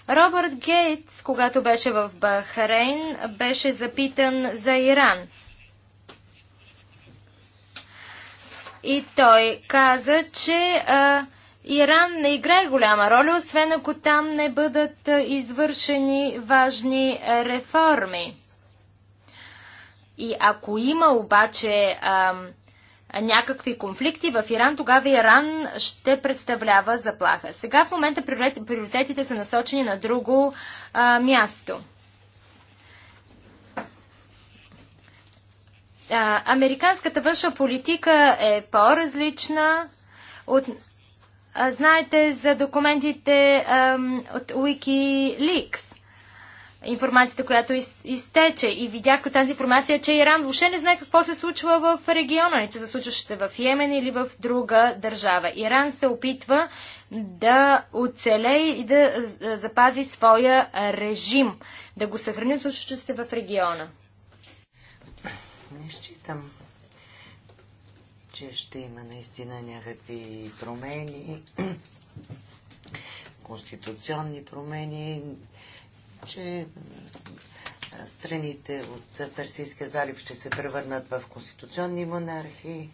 Робърт Гейтс, когато беше в Бахрейн, беше запитан за Иран – И той каза, че а, Иран не играе голяма роля, освен ако там не бъдат извършени важни реформи. И ако има обаче а, някакви конфликти в Иран, тогава Иран ще представлява заплаха. Сега в момента приоритетите са насочени на друго а, място. А, американската външна политика е по-различна от... А, знаете за документите а, от Wikileaks информацията, която из, изтече и видях от тази информация, че Иран въобще не знае какво се случва в региона, нито се случващите в Йемен или в друга държава. Иран се опитва да оцеле и да запази своя режим, да го съхрани от се в региона. Не считам, че ще има наистина някакви промени, конституционни промени, че страните от Персийския залив ще се превърнат в конституционни монархии.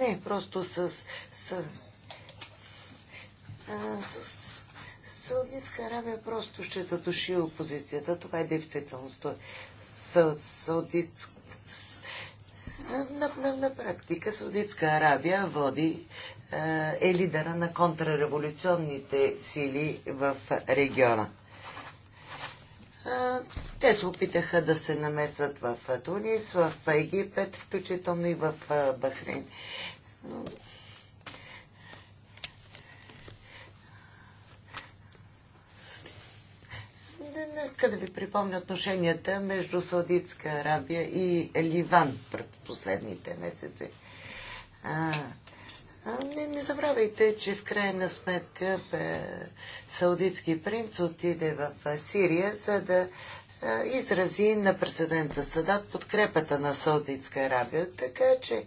Не, просто с, с, с Саудитска Аравия просто ще задуши опозицията. Това е действителността. Саудитска на, на, на практика Саудитска Арабия води е, е лидера на контрреволюционните сили в региона. Е, те се опитаха да се намесат в Тунис, в Египет, включително и в е, Бахрейн. Нека да ви припомня отношенията между Саудитска Арабия и Ливан пред последните месеци. А, а не, не забравяйте, че в крайна сметка бе, саудитски принц отиде в Сирия, за да а, изрази на президента Садат подкрепата на Саудитска Арабия. Така че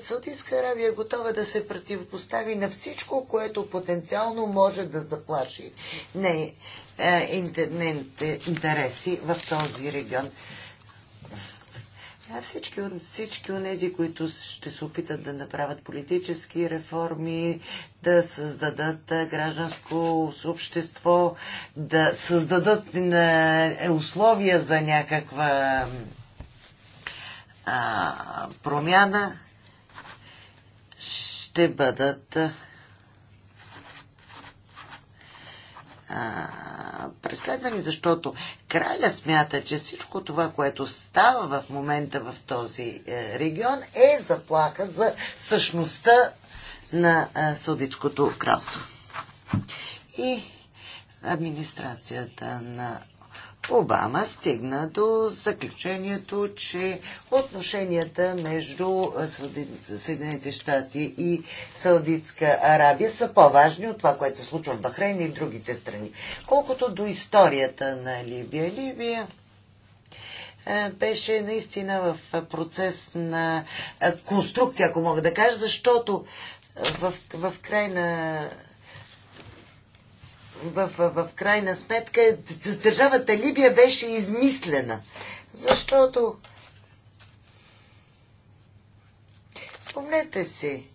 Саудитска Аравия е готова да се противопостави на всичко, което потенциално може да заплаши не, е, нейните интереси в този регион. А всички, всички от тези, които ще се опитат да направят политически реформи, да създадат гражданско общество, да създадат условия за някаква промяна ще бъдат преследвани, защото краля смята, че всичко това, което става в момента в този е, регион е заплаха за същността на е, Саудитското кралство. И администрацията на Обама стигна до заключението, че отношенията между Съединените щати и Саудитска Арабия са по-важни от това, което се случва в Бахрейн и в другите страни. Колкото до историята на Либия, Либия е, беше наистина в процес на е, конструкция, ако мога да кажа, защото е, в, в край на в, в, в крайна сметка с държавата Либия беше измислена. Защото спомнете си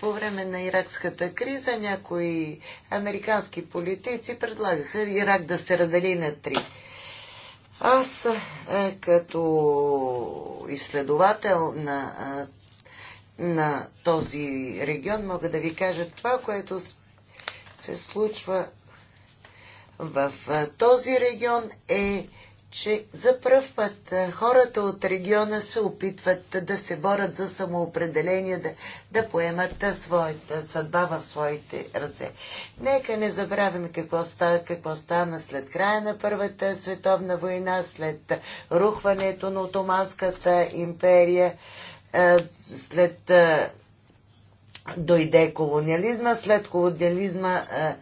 по време на иракската криза някои американски политици предлагаха Ирак да се раздели на три. Аз е, като изследовател на на този регион, мога да ви кажа това, което се случва в този регион е, че за пръв път хората от региона се опитват да се борят за самоопределение, да, да поемат своята съдба в своите ръце. Нека не забравяме какво, става, какво стана след края на Първата световна война, след рухването на Отоманската империя. Е, след е, дойде колониализма, след колониализма е,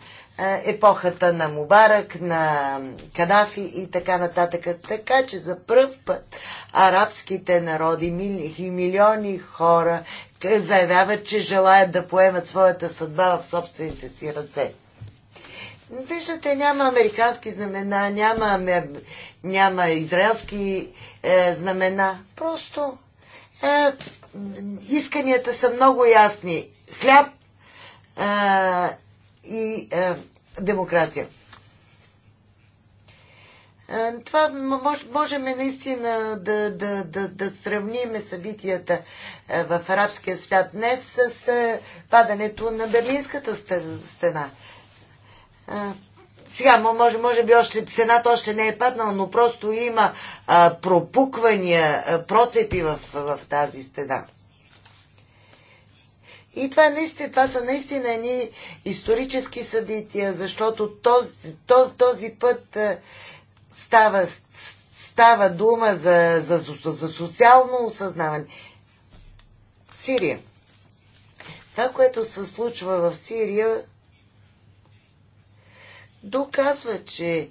епохата на Мубарак, на Кадафи и така нататък. Така че за първ път арабските народи, и милиони хора заявяват, че желаят да поемат своята съдба в собствените си ръце. Виждате, няма американски знамена, няма, няма израелски е, знамена. Просто е, исканията са много ясни. Хляб е, и демократия. демокрация. Е, това мож, можем наистина да, да, да, да сравним събитията в арабския свят днес с падането на Берлинската стена сега, може, може би още цената още не е паднала, но просто има а, пропуквания, а, процепи в, в тази стена. И това, наистина, това са наистина едни исторически събития, защото този, този, този път а, става, става дума за, за, за, за социално осъзнаване. Сирия. Това, което се случва в Сирия, доказва, че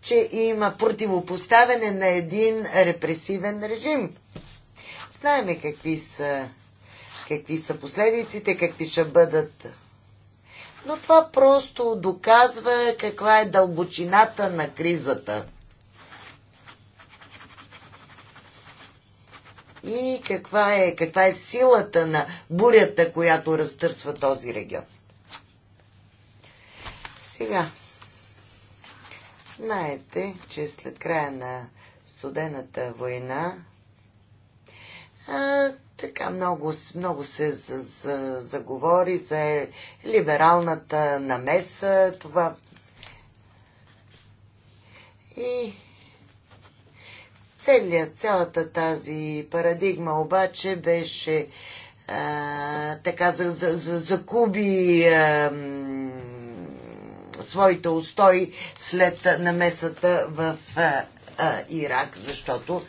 че има противопоставяне на един репресивен режим. Знаеме какви са, какви са последиците, какви ще бъдат. Но това просто доказва каква е дълбочината на кризата. И каква е, каква е силата на бурята, която разтърсва този регион. Сега, знаете, че след края на студената война а, така много, много се заговори за, за либералната намеса, това и целият, цялата тази парадигма обаче беше а, така за, за, за, за Куби а, своите устои след намесата в а, а, Ирак, защото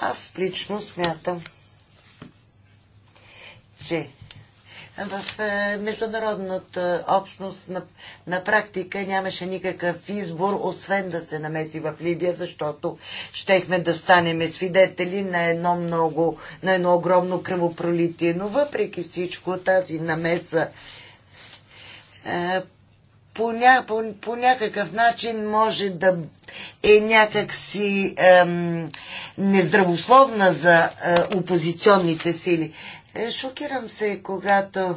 аз лично смятам, че в международната общност на, на практика нямаше никакъв избор, освен да се намеси в Либия, защото щехме да станем свидетели на едно много, на едно огромно кръвопролитие. Но въпреки всичко тази намеса по, ня, по, по някакъв начин може да е някакси ем, нездравословна за е, опозиционните сили. Е, шокирам се, когато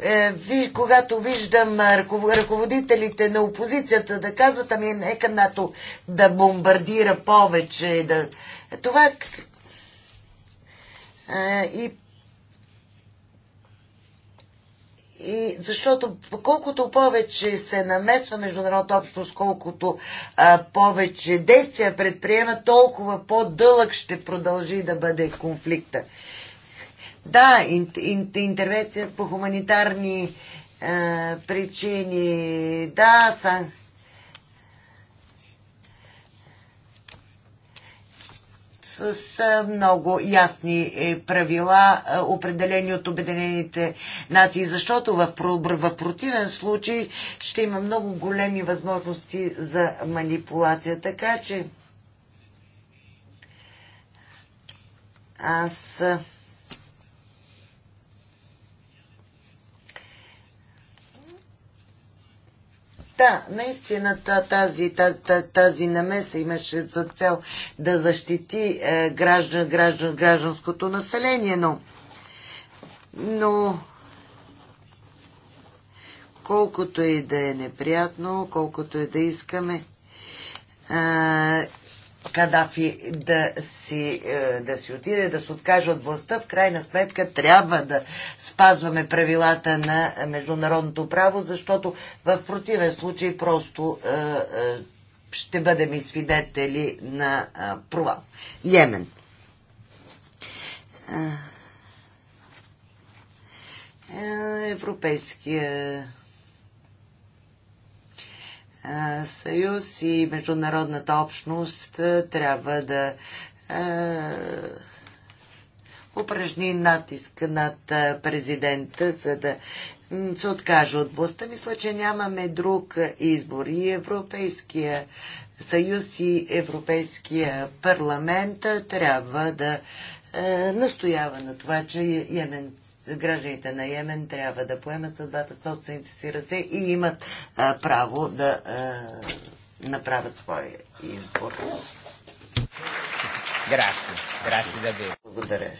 е, ви, когато виждам е, ръководителите на опозицията да казват, ами нека НАТО да бомбардира повече. Да... Това е, и И защото колкото повече се намесва международната общност, колкото а, повече действия предприема, толкова по-дълъг ще продължи да бъде конфликта. Да, ин, ин, интервенция по хуманитарни а, причини, да, са с, много ясни е, правила, определени от Обединените нации, защото в противен случай ще има много големи възможности за манипулация. Така че аз Да, наистина тази, тази, тази намеса имаше за цел да защити е, граждан, граждан, гражданското население, но, но колкото и да е неприятно, колкото и да искаме, Кадафи да си, е, да си отиде, да се откаже от властта, в крайна сметка трябва да спазваме правилата на международното право, защото в противен случай просто е, е, ще бъдем и свидетели на провал. Йемен. Европейския съюз и международната общност трябва да упражни натиск над президента, за да се откаже от властта. Мисля, че нямаме друг избор. И Европейския съюз и Европейския парламент трябва да настоява на това, че Йемен гражданите на Йемен трябва да поемат съдбата собствените си ръце и имат а, право да а, направят своя избор. Грация. Грация да ви. Благодаря.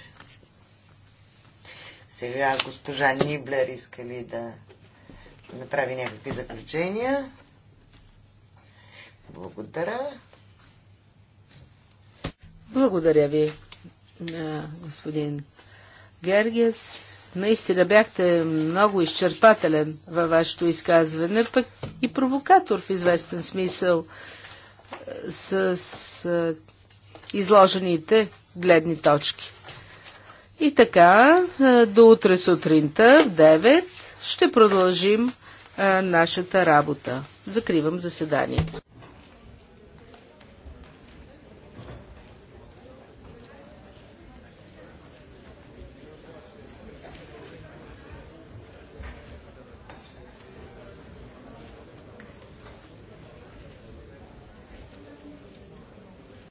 Сега госпожа Ниблер иска ли да направи някакви заключения? Благодаря. Благодаря ви, господин Гергиас, наистина бяхте много изчерпателен във вашето изказване, пък и провокатор в известен смисъл е, с, с е, изложените гледни точки. И така, е, до утре сутринта в 9 ще продължим нашата работа. Закривам заседанието.